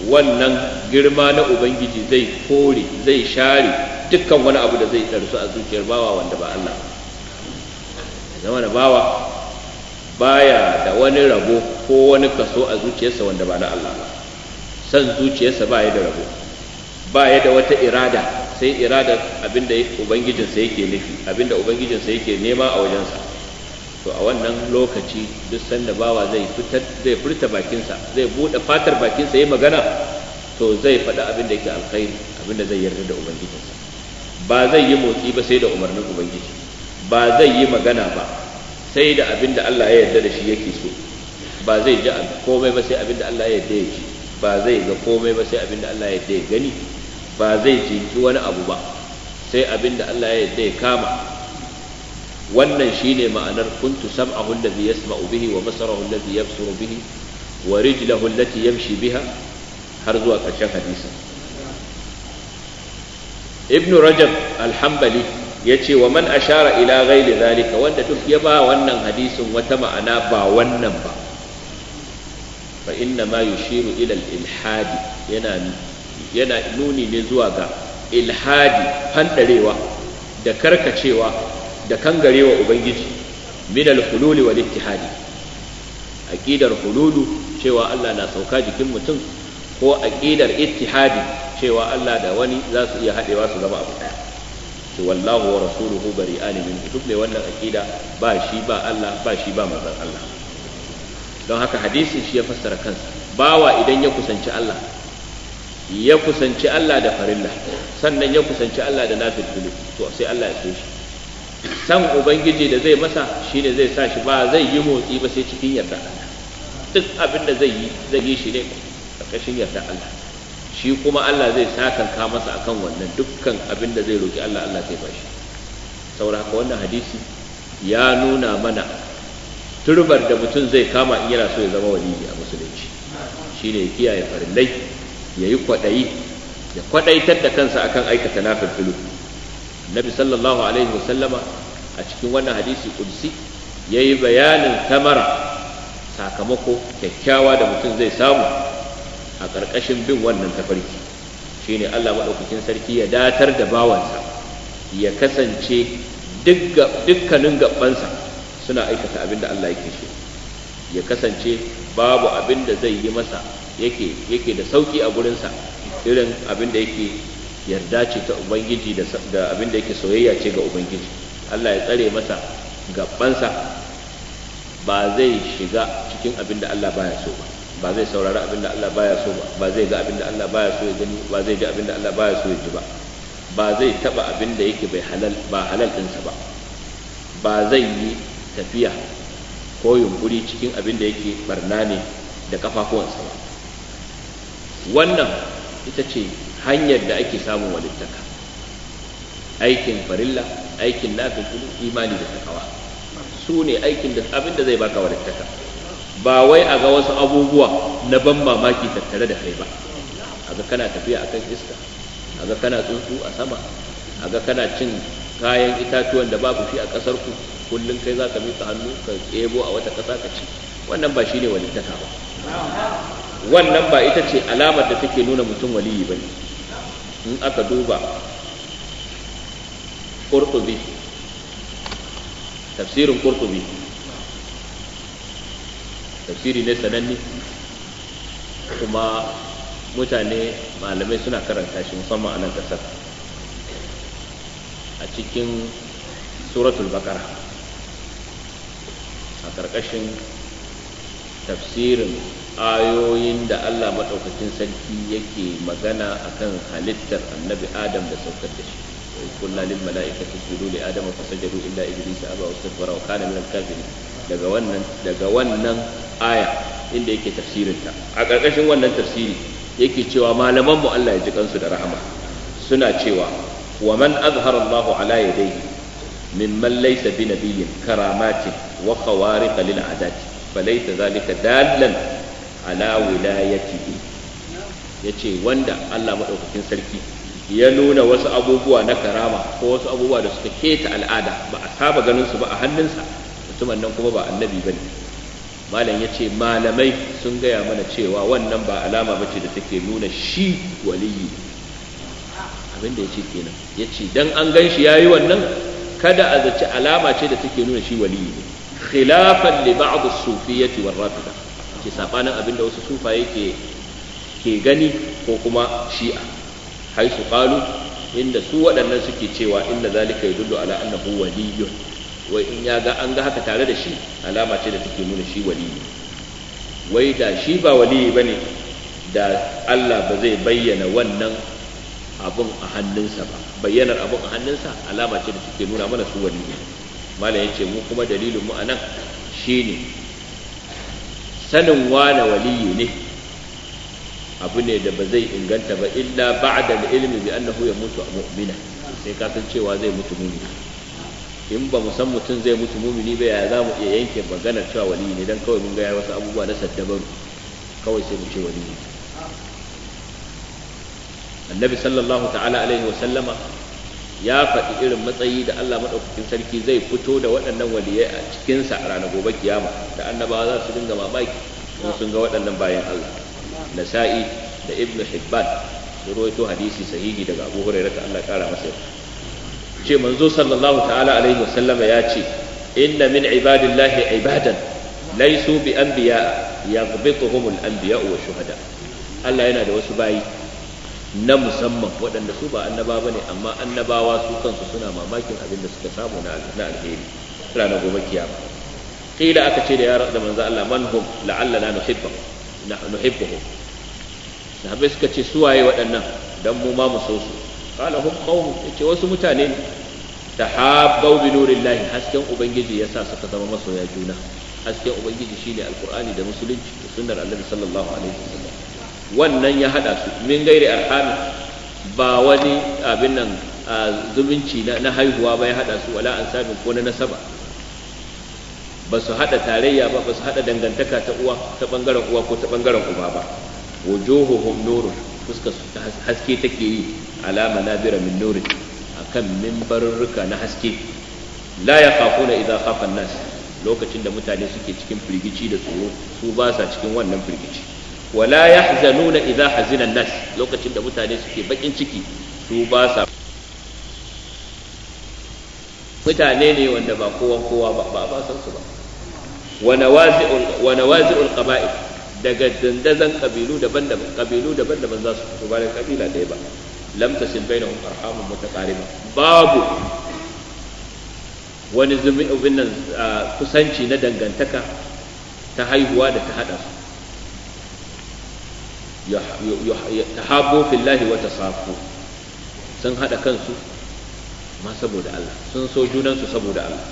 [SPEAKER 1] wannan girma na ubangiji zai kore zai share dukkan wani abu da zai ɗarsu a zuciyar bawa wanda ba Allah zama da bawa baya da wani rabo ko wani kaso a zuciyarsa wanda ba na Allah ba san zuciyarsa ba ya da rabo ba ya da wata irada sai irada abinda ubangijinsa yake nufi abinda ubangijinsa yake nema a wajensa to a wannan lokaci duk sanda bawa zai fitar zai furta bakinsa zai bude fatar bakinsa yi magana to zai abin abinda yake alkhairi abinda zai yarda da ubangijinsa ba zai yi motsi ba sai da umarnin ubangiji ba zai yi magana ba sai da abin da Allah ya yarda da shi yake so ba zai ji komai ba sai abin da Allah ya yarda ya ji ba zai ga komai ba sai abin da Allah ya yarda ya gani ba zai jinki wani abu ba sai abin da Allah ya yarda ya kama wannan shine ma'anar kuntu sam'ahu allazi yasma'u bihi wa basarahu allazi yabsuru bihi wa rijlahu allati yamshi biha har zuwa ƙarshen hadisin ibnu rajab al-hanbali ya ce wa man ashara ila ghairi zalika wanda duk ya ba wannan hadisin wata ma'ana ba wannan ba fa inna ma yushiru ila al-ilhadi yana yana nuni ne zuwa ga ilhadi fandarewa da karkacewa da kangarewa ubangiji min al-hululi wal ittihadi aqidar hululu cewa Allah na sauka jikin mutum ko aqidar ittihadi cewa Allah da wani za su iya hadewa su zama abu ce wallahu wa rasuluhu bari min duk mai wannan aqida ba shi ba Allah ba shi ba manzon Allah don haka hadisin shi ya fassara kansa bawa idan ya kusanci Allah ya kusanci Allah da farilla sannan ya kusanci Allah da nafilfilu to sai Allah ya shi san ubangiji da zai masa shine zai sa shi ba zai yi motsi ba sai cikin yarda Allah duk abin da zai yi zai yi shi ne ƙarƙashin yarda Allah shi kuma Allah zai sakanka masa akan wannan dukkan abin da zai roki Allah Allah zai bashi saboda haka wannan hadisi ya nuna mana turbar da mutum zai kama in yana so ya zama waliyi a musulunci shine kiyaye farillai ya yi kwaɗayi ya kwaɗaitar da kansa akan aikata nafilfilu nabi sallallahu alaihi wasallama a cikin wannan hadisi kudsi ya yi bayanin tamara sakamako kyakkyawa da mutum zai samu a ƙarƙashin bin wannan tafarki shi ne Allah maɗaukakin sarki ya datar da bawansa ya kasance dukkanin gabansa suna aikata abin da Allah yake shi ya kasance babu abin da zai yi masa yake da sauƙi a gurinsa irin abin da yake yarda ce ta ubangiji da abin da yake soyayya ce ga ubangiji Allah ya tsare masa gabansa ba zai shiga cikin abin da Allah baya so ba ba zai saurari abin da Allah baya so ba ba zai ga abin da Allah baya so ya gani ba zai ji abin da Allah baya so ya ji ba ba zai taba abin da yake bai halal ba halal ɗinsa ba ba zai yi tafiya ko yunkuri cikin abin da yake barna ne da kafafuwansa ba wannan ita ce hanyar da ake samun walittaka aikin farilla aikin nafil imani da takawa su ne aikin da abin da zai baka walittaka ba wai a ga wasu abubuwa na ban mamaki tattare da kai ba a ga kana tafiya a kan iska a ga kana tsuntsu a sama a ga kana cin kayan itatuwan da babu shi a ƙasar ku kullum kai za ka miƙa hannu ka tsebo a wata ƙasa ka ci wannan ba shine walittaka ba
[SPEAKER 3] wannan ba ita ce alamar da
[SPEAKER 1] take nuna mutum waliyi ba ne in aka duba ƙurtubi tafsirin ƙurtubi tafsiri ne sananne kuma mutane malamai suna karanta shi musamman a nan kasar a cikin suratul bakara a ƙarƙashin tafsirin ayoyin da Allah maɗaukakin sarki yake magana akan halittar annabi adam da saukar da shi kulla lil mala'ikati sujudu li adam fa sajadu illa iblis aba wa istakbara wa kana min al-kafirin daga wannan daga wannan aya inda yake tafsirinta a ƙarƙashin wannan tafsiri yake cewa malaman mu Allah ya ji kansu da rahama suna cewa wa man azhara Allah ala yadayhi mimman laysa bi nabiyyin karamatin wa khawariq lil adati falaysa zalika dallan ala wilayatihi yace wanda Allah madaukakin sarki ya nuna wasu abubuwa na karama ko wasu abubuwa da suka keta al'ada ba a saba ganin su ba a hannunsa mutumin nan kuma ba annabi ba ne malam ya ce malamai sun gaya mana cewa wannan ba alama bace da take nuna shi waliyi abinda ya ce kenan ya ce don an gan shi ya yi wannan kada a zaci alama ce da take nuna shi waliyi ne khilafan li ba'd as-sufiyyati war rafida ce sabanin abinda wasu sufaye ke ke gani ko kuma shi'a haisu qalu inda su waɗannan suke cewa inna zalika yadullu ala annahu waliyu. wai in ya ga an ga haka tare da shi alama ce da take nuna shi waliyi wai da shi ba ba ne da Allah ba zai bayyana wannan abun a hannunsa ba bayyanar abun a hannunsa alama ce da take nuna mana su waliyi malam yace mu kuma dalilin mu anan shine sanin wane waliyi ne abu ne da ba zai inganta ba illa ba'da ilmi bi annahu yamutu mu'mina sai ka san cewa zai mutu mu'mina in ba mu san mutum zai mutu mumini ba ya za mu iya yanke maganar cewa wali ne dan kawai mun ga ya wasu abubuwa na saddabaru kawai sai mu ce wali ne annabi sallallahu ta'ala alaihi wa sallama ya faɗi irin matsayi da Allah maɗaukakin sarki zai fito da waɗannan waliyai a cikinsa a ranar gobe kiyama da annabawa za su dinga mamaki in sun ga waɗannan bayan Allah nasa'i da ibnu hibban su rawaito hadisi sahihi daga abu hurairah Allah ƙara masa ce manzo sallallahu ta'ala alaihi wasallama ya ce inna min ibadillahi ibadan laisu bi anbiya yaghbituhum al-anbiya wa shuhada Allah yana da wasu bayi na musamman waɗanda su ba annaba ba ne amma annabawa su kansu suna mamakin abin da suka samu na alheri ranar gobe kiyama kila aka ce da ya da manzo Allah man hum la'alla na nuhibbu na nuhibbu sahabbai suka ce su waye waɗannan dan mu ma mu so su qala hum wasu mutane tahabbu bi nurillahi hasken ubangiji yasa suka zama masoya juna hasken ubangiji shine alqur'ani da musulunci da sunnar annabi sallallahu alaihi wasallam wannan ya hada su min gairi arhami ba wani abin nan zumunci na haihuwa ba ya hada su wala ansabin ko na nasaba ba su hada tarayya ba ba su hada dangantaka ta uwa ta bangaren uwa ko ta bangaren uba ba wujuhuhum nurun fuskar su haske take yi alama manabira min nurin akan mimbarurruka na haske la kafuna idza khafa an-nas lokacin da mutane suke cikin firgici da tsoro su ba sa cikin wannan firgici wala yahzanuna idza hazina an-nas lokacin da mutane suke bakin ciki su ba sa mutane ne wanda ba kowa kowa ba ba san su ba wa nawazi'ul qaba'il daga dandazan kabilu daban-daban kabilu daban-daban za su fito bayan kabila ɗaya ba lam tasil bainahum arhamun mutaqariba babu wani zubin kusanci na dangantaka ta haihuwa da ta hada su tahabbu fillahi wa tasafu sun hada kansu ma saboda Allah sun so junansu saboda Allah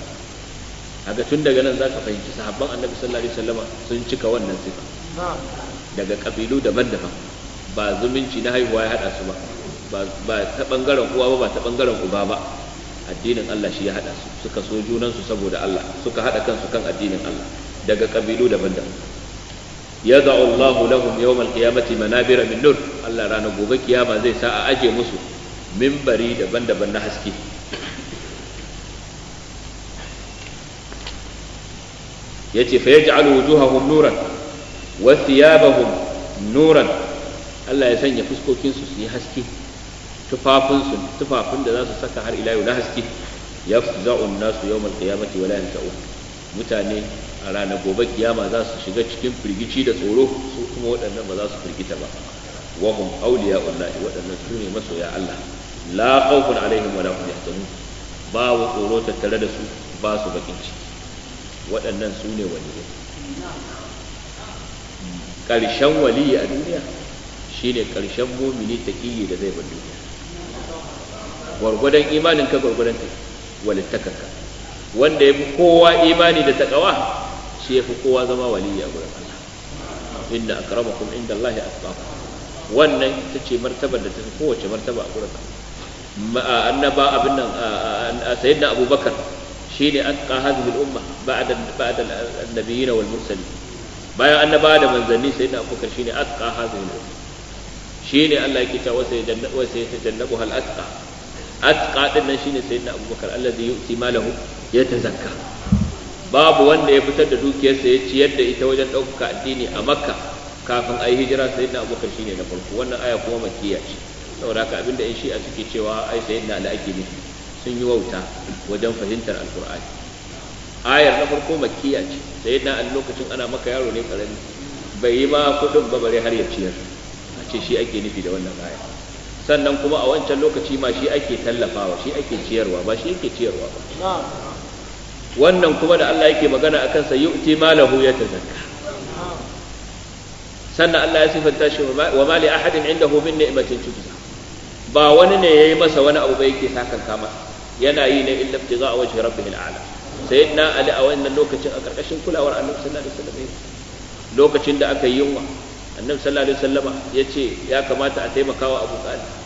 [SPEAKER 1] haka tun daga nan zaka fahimci sahabban annabi sallallahu alaihi wasallama sun cika wannan sifa daga kabilu daban-daban ba zumunci na haihuwa ya hada su ba ba ta bangaren uwa ba ba ta bangaren uba ba addinin Allah shi ya hada su suka so junansu saboda Allah suka hada kansu kan addinin Allah daga kabilu daban-daban yada'u Allahu lahum yawmal qiyamati manabira min nur Allah ranar gobe kiyama zai sa a aje musu mimbari daban-daban na haske yace fa yaj'alu wujuhahum nuran wa thiyabahum nuran Allah ya sanya fuskokinsu su yi haske tufafinsu tufafin da za su saka har ila yau na haske ya za'un nasu yau mal kiyamati wala yanta'u mutane a ranar gobe kiyama za su shiga cikin firgici da tsoro su kuma waɗannan ba za su firgita ba wa hum awliya wallahi waɗannan su ne masoya Allah la khawfun alaihim wala hum yahzanun babu tsoro tattare da su ba su bakin ciki waɗannan su ne waliyai
[SPEAKER 3] ƙarshen waliyi a duniya
[SPEAKER 1] shine ƙarshen mumini taƙiyyi da zai bar duniya gwargwadon imanin ka gwargwadon ta walittakarka wanda ya fi kowa imani da takawa shi ya fi kowa zama waliya gurin Allah inna akramakum inda Allah ya wannan ita ce martabar da ta fi kowace martaba a gurin annaba abin nan sayyidina abubakar shi ne an ƙahazin al'umma ba'ad annabiyina wal mursali bayan annaba da manzanni sayyidina abubakar shi ne an ƙahazin al'umma shi ne Allah ya kita wasa ya jannabu hal atqa atqa din nan shine sayyidina abubakar allazi yu'ti malahu tazakka babu wanda ya fitar da dukiyarsa ya ciyar da ita wajen ɗaukaka addini a makka kafin a yi hijira sayyidina abubakar shine na farko wannan aya kuma makkiya ce saboda haka abinda in shi'a suke cewa ai sayyidina ali ake nufi sun yi wauta wajen fahimtar alqur'ani ayar na farko makkiya ce sayyidina ali lokacin ana maka yaro ne karami bai yi ma kudin ba bare har ya ciyar a ce shi ake nufi da wannan aya sannan kuma a wancan lokaci ma shi ake tallafawa shi ake ciyarwa ba shi yake ciyarwa ba wannan kuma da Allah yake magana akan sa yu'ti malahu yatazakka sannan Allah ya sifanta shi wa mali ahadin indahu min ni'matin tujza ba wani ne yayi masa wani abu ba yake sakan kama yana yi ne illa ibtiza wajhi rabbihil a'la sayyidina ali a wannan lokacin a karkashin kulawar annabi sallallahu alaihi wasallam lokacin da aka yi yunwa annabi sallallahu alaihi wasallam ya ce ya kamata a taimakawa abu talib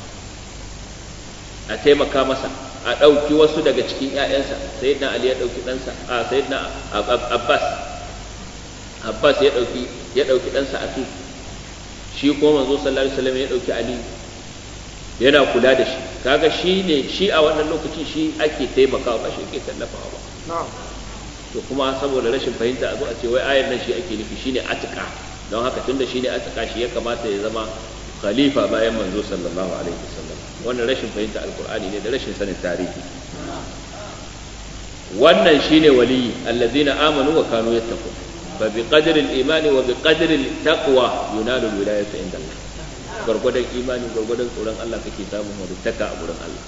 [SPEAKER 1] a taimaka masa a ɗauki wasu daga cikin 'ya'yansa sayyidina ali ya ɗauki ɗansa a sayyidina abbas abbas ya ɗauki ɗansa a tutu shi kuma manzo sallallahu alaihi wasallam ya ɗauki ali yana kula da shi kaga shi ne shi a wannan lokacin shi ake taimakawa ba shi ake tallafawa ba to kuma saboda rashin fahimta a zo a ce wai ayar nan shi ake nufi shine atika don haka tunda shine atika shi ya kamata ya zama khalifa bayan manzo sallallahu alaihi wasallam wannan rashin fahimta alkur'ani ne da rashin sanin tarihi wannan shine waliyi allazina amanu wa kanu yattaqun fa bi qadri al-imani wa bi qadri al-taqwa yunalu al-wilayatu inda Allah gurgudan imani gurgudan tsoron Allah kake samun wadataka a gurin Allah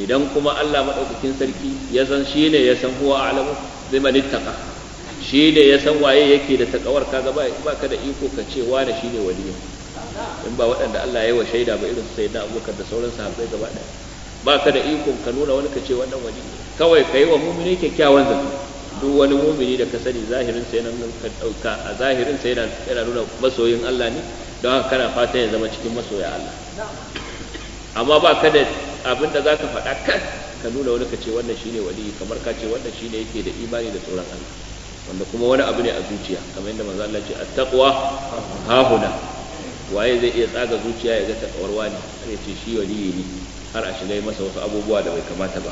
[SPEAKER 1] idan kuma Allah madaukakin sarki ya san shine ya san huwa a'lamu bi man Shi ne ya san waye yake da takawar kaga ba ka da iko ka ce wani shine waliyi in ba waɗanda Allah ya yi wa shaida ba irin sai na abubakar da sauran sahabbai gaba ɗaya ba ka da ikon ka nuna wani ka ce wannan wani kawai ka yi wa mumini kyakkyawan zato duk wani mumini da ka sani zahirin sai nan ka ɗauka a zahirin sai yana nuna masoyin Allah ne don haka kana fata ya zama cikin masoya Allah
[SPEAKER 3] amma ba ka da abin da za ka
[SPEAKER 1] faɗa kan ka nuna wani ka ce wannan shine wali kamar ka ce wannan shine yake da imani da tsoron Allah wanda kuma wani abu ne a zuciya kamar yadda manzo Allah ce at-taqwa ha huna waye zai iya tsaga zuciya ya ga takawar wani har ya ce shi waliyi ne har a shiga masa wasu abubuwa da bai kamata ba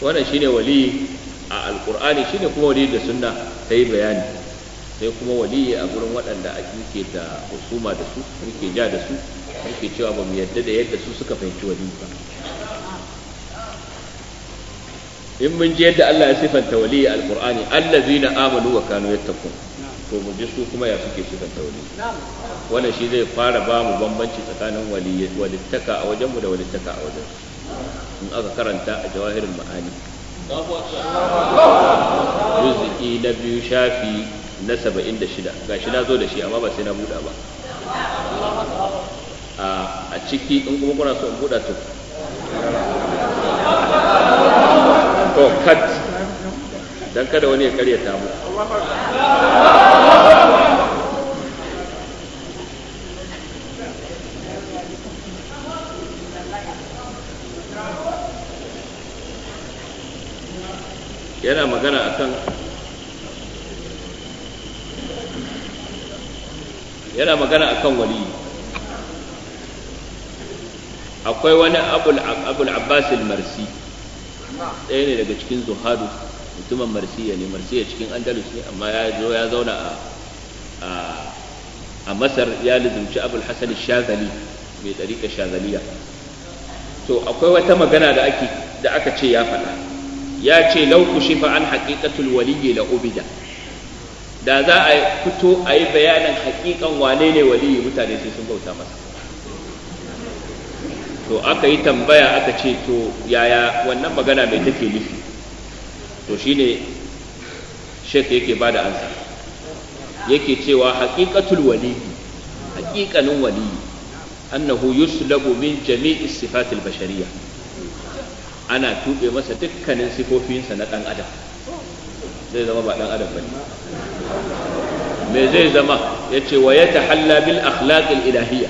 [SPEAKER 1] wannan shine waliyi a alkur'ani shine kuma waliyi da sunna ta yi bayani sai kuma waliyi a gurin waɗanda muke da husuma da su muke ja da su muke cewa ba mu yadda da yadda su suka fahimci waliyi ba in mun ji yadda Allah ya sifanta waliyi alkur'ani allazina amanu wa kanu yattaqun to mu ji su kuma ya suke suka tauri
[SPEAKER 3] wannan shi zai fara ba mu bambanci
[SPEAKER 1] tsakanin walittaka a wajenmu da walittaka a wajen in aka karanta a jawahirin ma'ani
[SPEAKER 3] juz'i na biyu shafi
[SPEAKER 1] na saba'in da shida ga shi na zo da shi amma ba sai na buɗa ba a ciki in kuma kuna so in buɗa to to kat dan kada wani ya karyata mu
[SPEAKER 3] yana magana akan
[SPEAKER 1] yana magana wali akwai wani abul abbasil marsi ɗaya ne daga cikin zuhadu mutumin marsiya ne marsiya cikin andalus ne amma ya zo ya zauna a a masar ya lizumci abul hasan shazali mai ɗariƙa shazaliya to akwai wata magana da ake da aka ce ya faɗa ya ce lau kushifa an haqiqatul waliyyi la ubida da za a fito a yi bayanin hakikan wane ne waliyi mutane sai sun bauta masa to aka yi tambaya aka ce to yaya wannan magana mai take nufi to shine shek yake ba da ansa yake cewa haƙiƙatul waliyi haƙiƙanin waliyi annahu yuslabu min jami'i sifatil bashariyya ana tuɓe masa dukkanin sifofinsa na ɗan adam zai zama ba ɗan adam ba
[SPEAKER 3] me zai zama ya ce wa ya tahalla bil akhlaqil
[SPEAKER 1] ilahiyya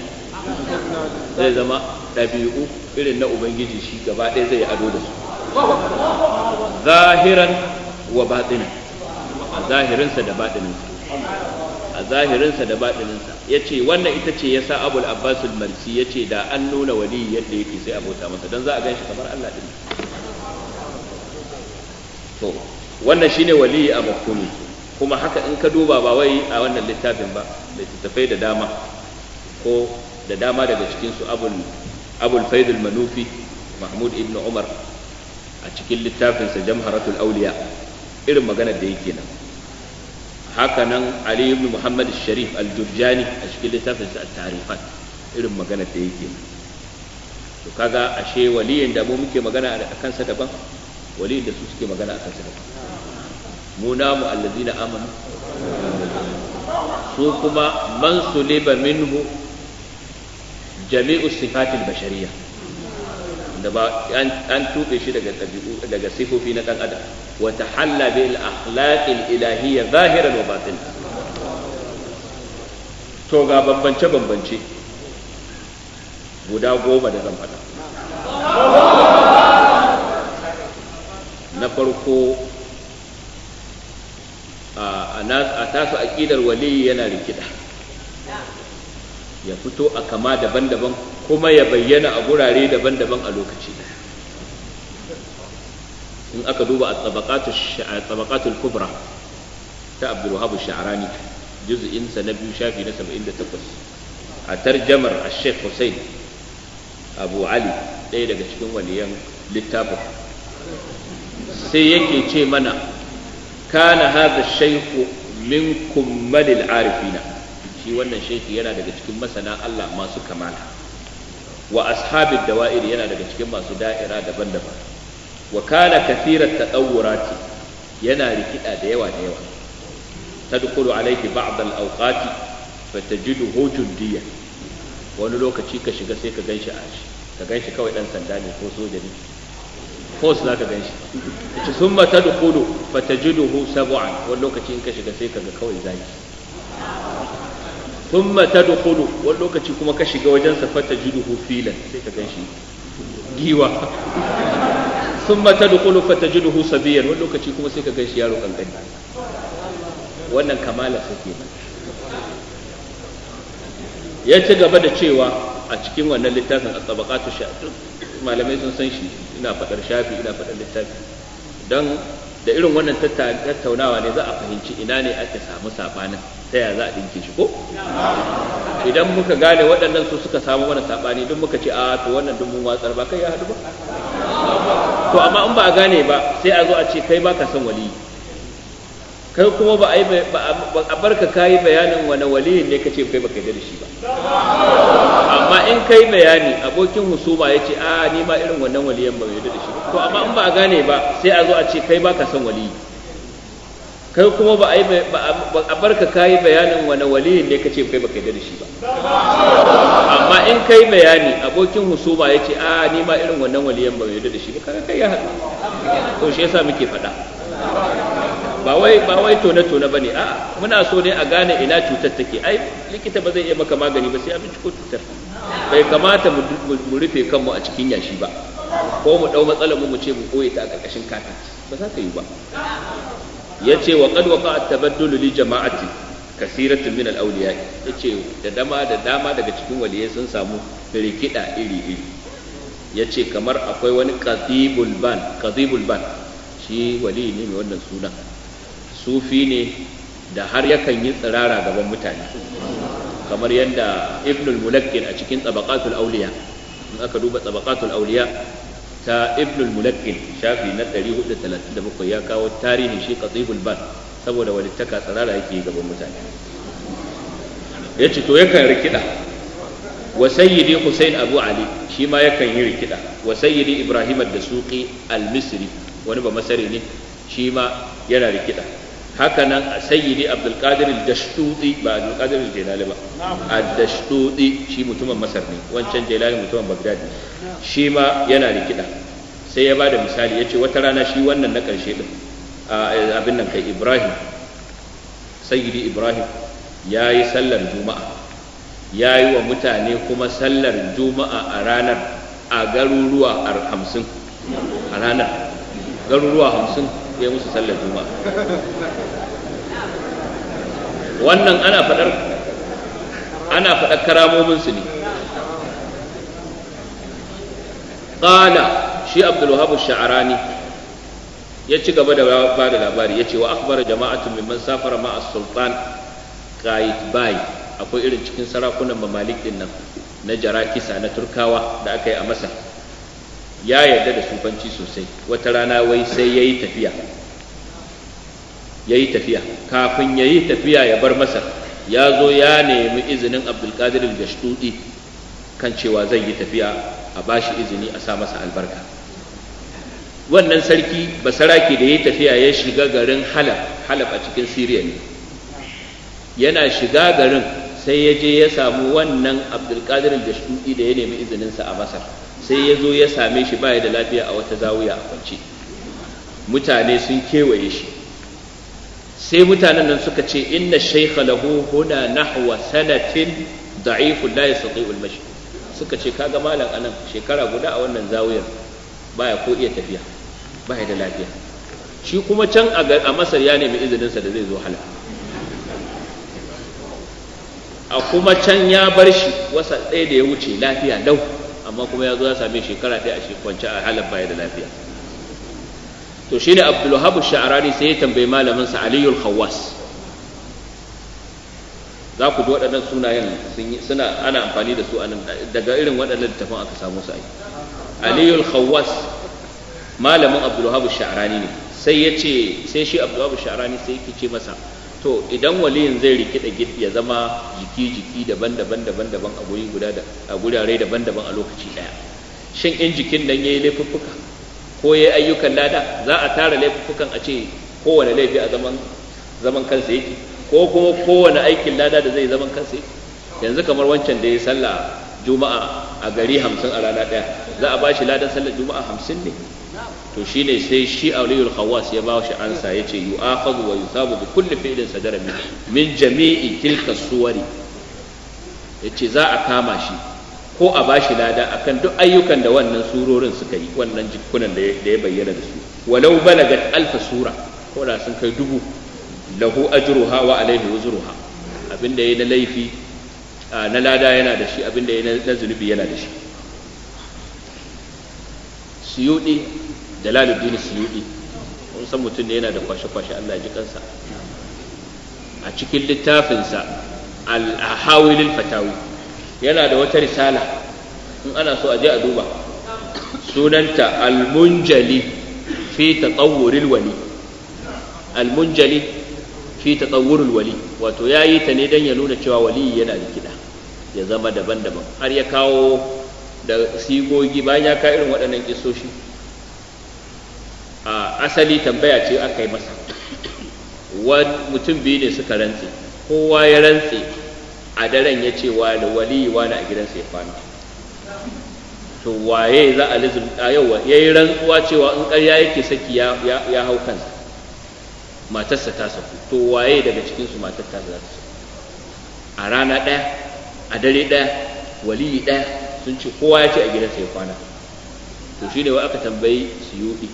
[SPEAKER 1] zai zama ɗabi'u irin na ubangiji shi gaba ɗaya zai ado da su
[SPEAKER 3] zahiran
[SPEAKER 1] wa batinan zahirinsa da batininsa a zahirinsa da baɗininsa ya ce wannan ita ce ya sa abul abbasul marsi ya ce da an nuna wali yadda yake sai abota masa don za a gan shi kamar allah ɗin to wannan shine wali a makumi kuma haka in ka duba ba wai a wannan littafin ba littattafai da dama ko da dama daga cikinsu abul abul faidul manufi mahmud ibn umar a cikin littafinsa jamharatul auliya irin maganar da yake nan haka nan ali ibn muhammad sharif al-jurjani a cikin littafin sa tarifat irin magana da yake to kaga ashe waliyin da mu muke magana a kansa daban waliyin da su suke magana a kansa daban mu namu allazina amanu su kuma man suliba minhu jami'u sifatil bashariya da ba an tube shi daga daga sifofi na dan adam وتحلى بالأخلاق الإلهية ظاهرا وباطنا to ga bambance-bambance guda goma da zan na farko a tasu aƙidar waliyi yana rikida ya fito a kama daban-daban kuma ya bayyana a gurare daban-daban a lokaci in aka duba a tsabakatul kubra ta abdulwahab sha'arani juz'insa na biyu shafi na 78 a tarjamar a sheikh hussein abu ali ɗaya daga cikin waliyan littafin sai yake ce mana kana haza shaikhu min kummalil arifina shi wannan shaikhi yana daga cikin masana Allah masu kamala wa ashabin dawa'ir yana daga cikin masu da'ira daban-daban wa kana kathirat tadawurati yana rikida da yawa da yawa tadkhulu alayhi ba'd al-awqati fatajiduhu jundiya wani lokaci ka shiga sai ka ganshi a shi ka ganshi kawai dan sanda ne ko soja ne ko su zaka ganshi ci summa tadkhulu fatajiduhu sab'an wani lokaci in ka shiga sai ka ga kawai zaki Sun thumma kudu wani lokaci kuma ka shiga wajensa wajen sa fatajiduhu filan sai ka ganshi giwa thumma tadkhulu fatajiduhu sabiyan wani lokaci kuma sai ka gan shi yaro gani
[SPEAKER 3] wannan kamala sai ya ci gaba da cewa
[SPEAKER 1] a cikin wannan littafin a tsabakatu shafi malamai sun san shi ina faɗar shafi ina faɗar littafi don da irin wannan tattaunawa ne za a fahimci ina ne ake samu sabanin ta yaya za a dinke shi ko idan muka gane waɗannan su suka samu mana sabani duk muka ce a to wannan duk mun watsar ba kai ya haɗu ba to amma in ba a gane ba sai a zo a ce kai ba ka san wali kai kuma ba a barka kayi bayanin wani waliyin ne kace kai ba baka da shi ba amma in kai bayani abokin husuma ya ce a ni ma irin wannan waliyan ba yarda da shi to amma in ba a gane ba sai a zo a ce kai ba ka san waliyi kai kuma ba a barka kai bayanin wani wali ne kace kai baka yarda da shi ba amma in kai bayani abokin husuma ya ce a ni ma irin wannan waliyan ba yarda da shi ba kaga kai ya haɗu to shi yasa muke faɗa
[SPEAKER 3] ba wai ba wai
[SPEAKER 1] tone tone bane a muna so ne a gane ina cutar take ai likita ba zai iya maka magani ba sai a binciko cutar bai kamata mu rufe kanmu a cikin yashi ba ko mu dau matsalar mu mu ce mu koye ta a ƙarƙashin katin ba za ka yi ba
[SPEAKER 3] yace wa qad waqa at-tabaddul
[SPEAKER 1] li jama'ati kasiratin min al-awliya yace da dama da dama daga cikin waliyai sun samu rikida iri iri yace kamar akwai wani qadibul ban qadibul ban shi wali ne mai wannan suna sufi ne da har yakan yi tsirara gaban mutane kamar yadda ibnul mulakkin a cikin tsabaqatul awliya in aka duba tsabaqatul awliya ta ibnul mulakkin shafi na 437 ya kawo tarihin shi qatibul ban saboda wani taka tsarara yake gaban mutane yace to yakan rikida wa sayyidi husain abu ali shi ma yakan yi rikida wa sayyidi ibrahim ad-dasuqi al-misri wani ba masari ne shi ma yana rikida haka nan sayyidi abdul qadir al-dashtuti ba abdul qadir al-jilali ba ad-dashtuti shi mutumin masar ne wancan jilali mutumin bagdad ne shi ma yana rikida sai ya bada misali ya ce wata rana shi wannan na ƙarshe ɗin abin nan kai ibrahim sayyidi ibrahim ya yi sallar juma'a ya yi wa mutane kuma sallar juma'a a ranar a garuruwa hamsin a ranar garuruwa hamsin ya musu sallar juma'a wannan ana faɗar ana faɗar karamominsu ne qala shi abdul wahab sha'rani ya ci gaba da ba da labari ya ce wa akhbara jama'atun mimman safara ma as-sultan qaid bai akwai irin cikin sarakunan mamalik din nan na jarakisa na turkawa da aka yi a masa ya yarda da sufanci sosai wata rana wai sai ya yi tafiya ya tafiya kafin ya yi tafiya ya bar masar ya zo ya nemi izinin abdulkadir al kan cewa zai yi tafiya a bashi izini a sa masa albarka wannan sarki basaraki da ya tafiya ya shiga garin halab halab a cikin siriya ne yana shiga garin sai ya je ya samu wannan abdulkadirin da shuɗi da ya nemi izininsa a masar sai ya zo ya same shi baya da lafiya a wata zawiya a kwance mutane sun kewaye shi sai mutanen nan suka ce inna shaykha lahu huna nahwa sanatin da'ifun la yastati'u al-mashi suka ce kaga malam anan shekara guda a wannan zawiyar baya ko iya tafiya baya da lafiya shi kuma can a masar ya nemi izininsa da zai zo hala a kuma can ya bar shi wasa ɗaya da ya wuce lafiya lau amma kuma ya zo ya same shekara ɗaya a kwance a halar baya da lafiya to shi ne abdulhabu sha'arari sai ya tambayi malaminsa aliyul Hawwas. za ku ji waɗannan sunayen suna ana amfani da su a nan daga irin waɗannan littafin aka samu su ai aliyul khawwas malamin abdulwahab sha'rani ne sai ya ce sai shi abdulwahab sha'rani sai yake ce masa to idan waliyin zai rikida ya zama jiki jiki daban-daban daban-daban a guri guda da a gurare daban-daban a lokaci daya shin in jikin nan yayi laifuffuka ko yayi ayyukan lada za a tara laifuffukan a ce kowane laifi a zaman zaman kansa yake ko kuma kowane aikin lada da zai zaman kansa yanzu kamar wancan da ya sallah juma'a a gari hamsin a rana ɗaya za a ba shi ladan sallar juma'a hamsin ne to ne sai shi auliyul khawas ya ba shi ansa ya ce yu'akhadhu wa yusabu bi kulli fi'lin sadara min min jami'i tilka suwari yace za a kama shi ko a ba shi lada akan duk ayyukan da wannan surorin suka yi wannan jikunan da ya bayyana da su walau balagat alfa sura ko da sun kai dubu lahu ajruha wa alaihi wuzruha abinda yayi na laifi na lada yana da shi abinda yayi na zunubi yana da shi suyudi dalaluddin suyudi mun san mutum ne yana da kwashe-kwashe Allah ji kansa a cikin littafinsa al-hawilil fatawi yana da wata risala in ana so a je a duba sunanta al-munjali fi tatawwuril wali al-munjali fi tsawurul wali wato ya yi ta ne don ya nuna cewa wali yana da kida ya zama daban-daban har ya kawo da sigogi bayan ya kairin irin waɗannan kisoshi a asali tambaya ce aka yi masa mutum biyu ne suka rantse kowa ya rantse a daren ya ce wa da wali wani a gidansa ya kwana to waye za a lizin a yau ya yi rantsuwa cewa in ƙarya yake saki ya hau kansa matarsa ta saku to waye daga cikin su matar ta za ta saku a rana ɗaya a dare ɗaya waliyi ɗaya sun ce kowa ya ce a gidansa ya kwana to shi ne wa aka tambayi su yi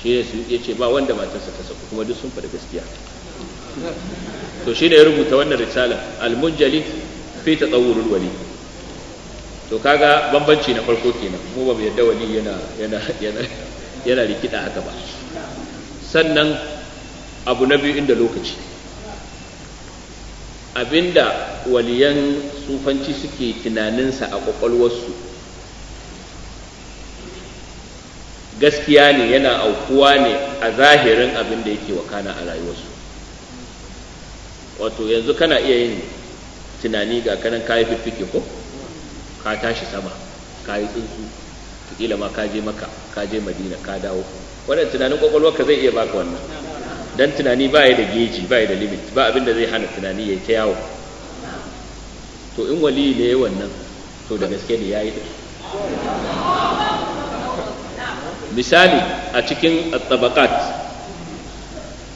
[SPEAKER 1] shi ne su ya ce ba wanda matarsa ta saku kuma duk sun faɗi gaskiya to shi ne ya rubuta wannan risala almunjali fi tsawurin wali to kaga bambanci na farko kenan mu ba mu yadda wali yana yana yana yana rikida haka ba sannan abu na biyu inda lokaci abinda waliyan sufanci suke tunaninsa a kwakwalwarsu gaskiya ne yana aukuwa ne a zahirin abin da yake wakana a rayuwarsu wato yanzu kana iya yin tunani ga kanan kayi fiffike ko ka tashi sama kayi tsuntsu kila ma ka je maka ka je madina ka dawo wannan tunanin kwakwalwarka zai iya baka wannan dan tunani ba ya da geji ba ya da limit ba abin da zai hana tunani ya ta yawo to in wali ne wannan to da gaske ne ya yi da misali a cikin tabakat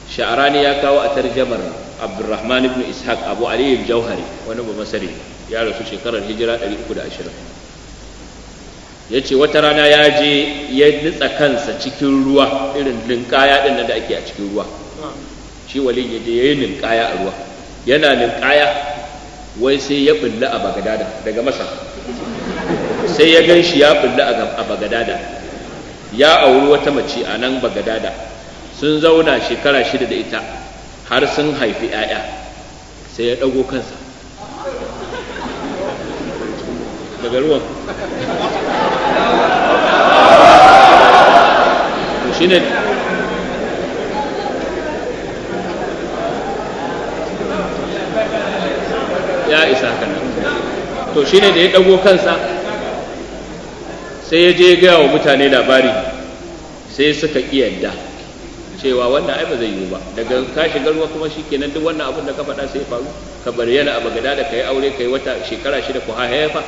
[SPEAKER 1] sha'arani ya kawo a tarjamar abdurrahman ibn ishaq abu aliyu jauhari wani ba masari ya rasu shekarar hijira 320 ya ce wata rana ya je ya nitsa kansa cikin ruwa irin linkaya ɗin da ake a cikin ruwa shi walin ya je yayin ninkaya a ruwa yana ninkaya wai sai ya bulla a bagadada daga masa sai ya gan shi ya bulla a bagadada ya auri wata mace a nan bagadada sun zauna shekara shida da ita har sun haifi 'ya'ya sai ya ɗago kansa daga ruwan shi ne ya isa haka nan to shine da ya dago kansa sai ya je gaya wa mutane labari sai suka yadda cewa wannan ai ba zai yiwu ba daga ka shiga ruwa kuma shikenan duk wannan abun da ka faɗa sai faru ka bayyana a bagada da kai aure kai wata shekara shida ko ha haifa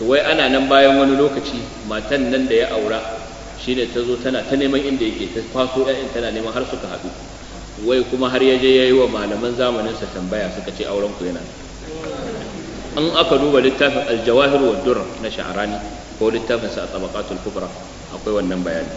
[SPEAKER 1] to wai ana nan bayan wani lokaci matan nan da ya aura shine ta zo tana ta neman inda yake ta kwaso ƴaƴan tana neman har suka haɗu wai kuma har ya je ya yi wa malaman zamaninsa tambaya suka ce auren ku yana an aka duba littafin aljawahir wa durar na sha'arani ko littafin sa tabaqatul kubra akwai wannan bayani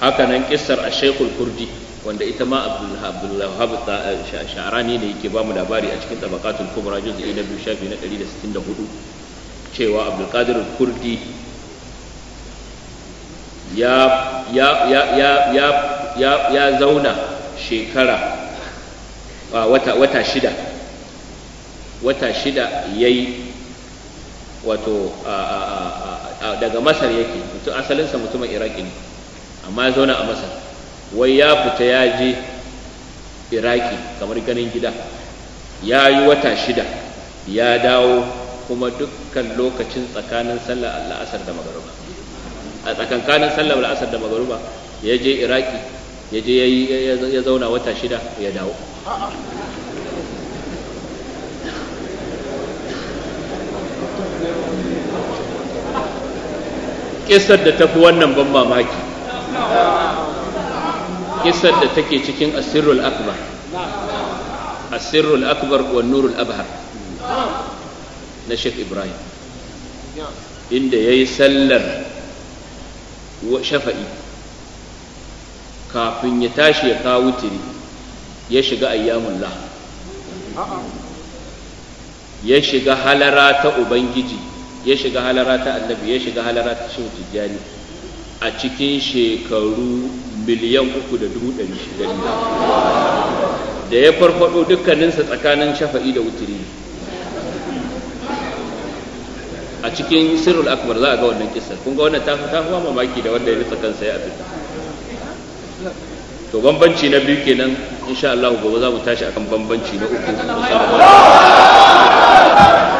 [SPEAKER 1] haka nan kissar ashekul kurdi wanda ita ma abdullahab sha'arani ne yake ba mu labari a cikin tabaqatul kubra juz'i na biyu shafi na 164 cewa abdulkadir kurdi ya zauna shekara wata shida wata shida ya yi wato daga masar yake mutum asalinsa mutumin iraki ne amma ya zauna a masar wai ya fita ya je iraki kamar ganin gida ya yi wata shida ya dawo kuma dukkan lokacin tsakanin sallar al'asar da magaruba a tsakankanin sallar al'asar da magaruba ya je iraki ya je ya zauna wata shida ya dawo kisar da tafi wannan ban mamaki kisar da take cikin asirul akbar asirul akbar wa nurul abhar na Sheikh Ibrahim inda ya yi sallar shafa'i kafin ya tashi ya kawo tiri ya shiga ayyamun la ya shiga halara ta ubangiji ya shiga halara ta annabi ya shiga halara ta shehu tijjani a cikin shekaru miliyan uku da dubu ɗari shida da ya farfado dukkaninsa tsakanin shafa'i da wutiri a cikin sirrul akbar za a ga wannan kisar kun ga wannan ta ta kuma mamaki da wanda ya rufe kansa ya abin to bambanci na biyu kenan insha Allah gobe za mu tashi akan bambanci na uku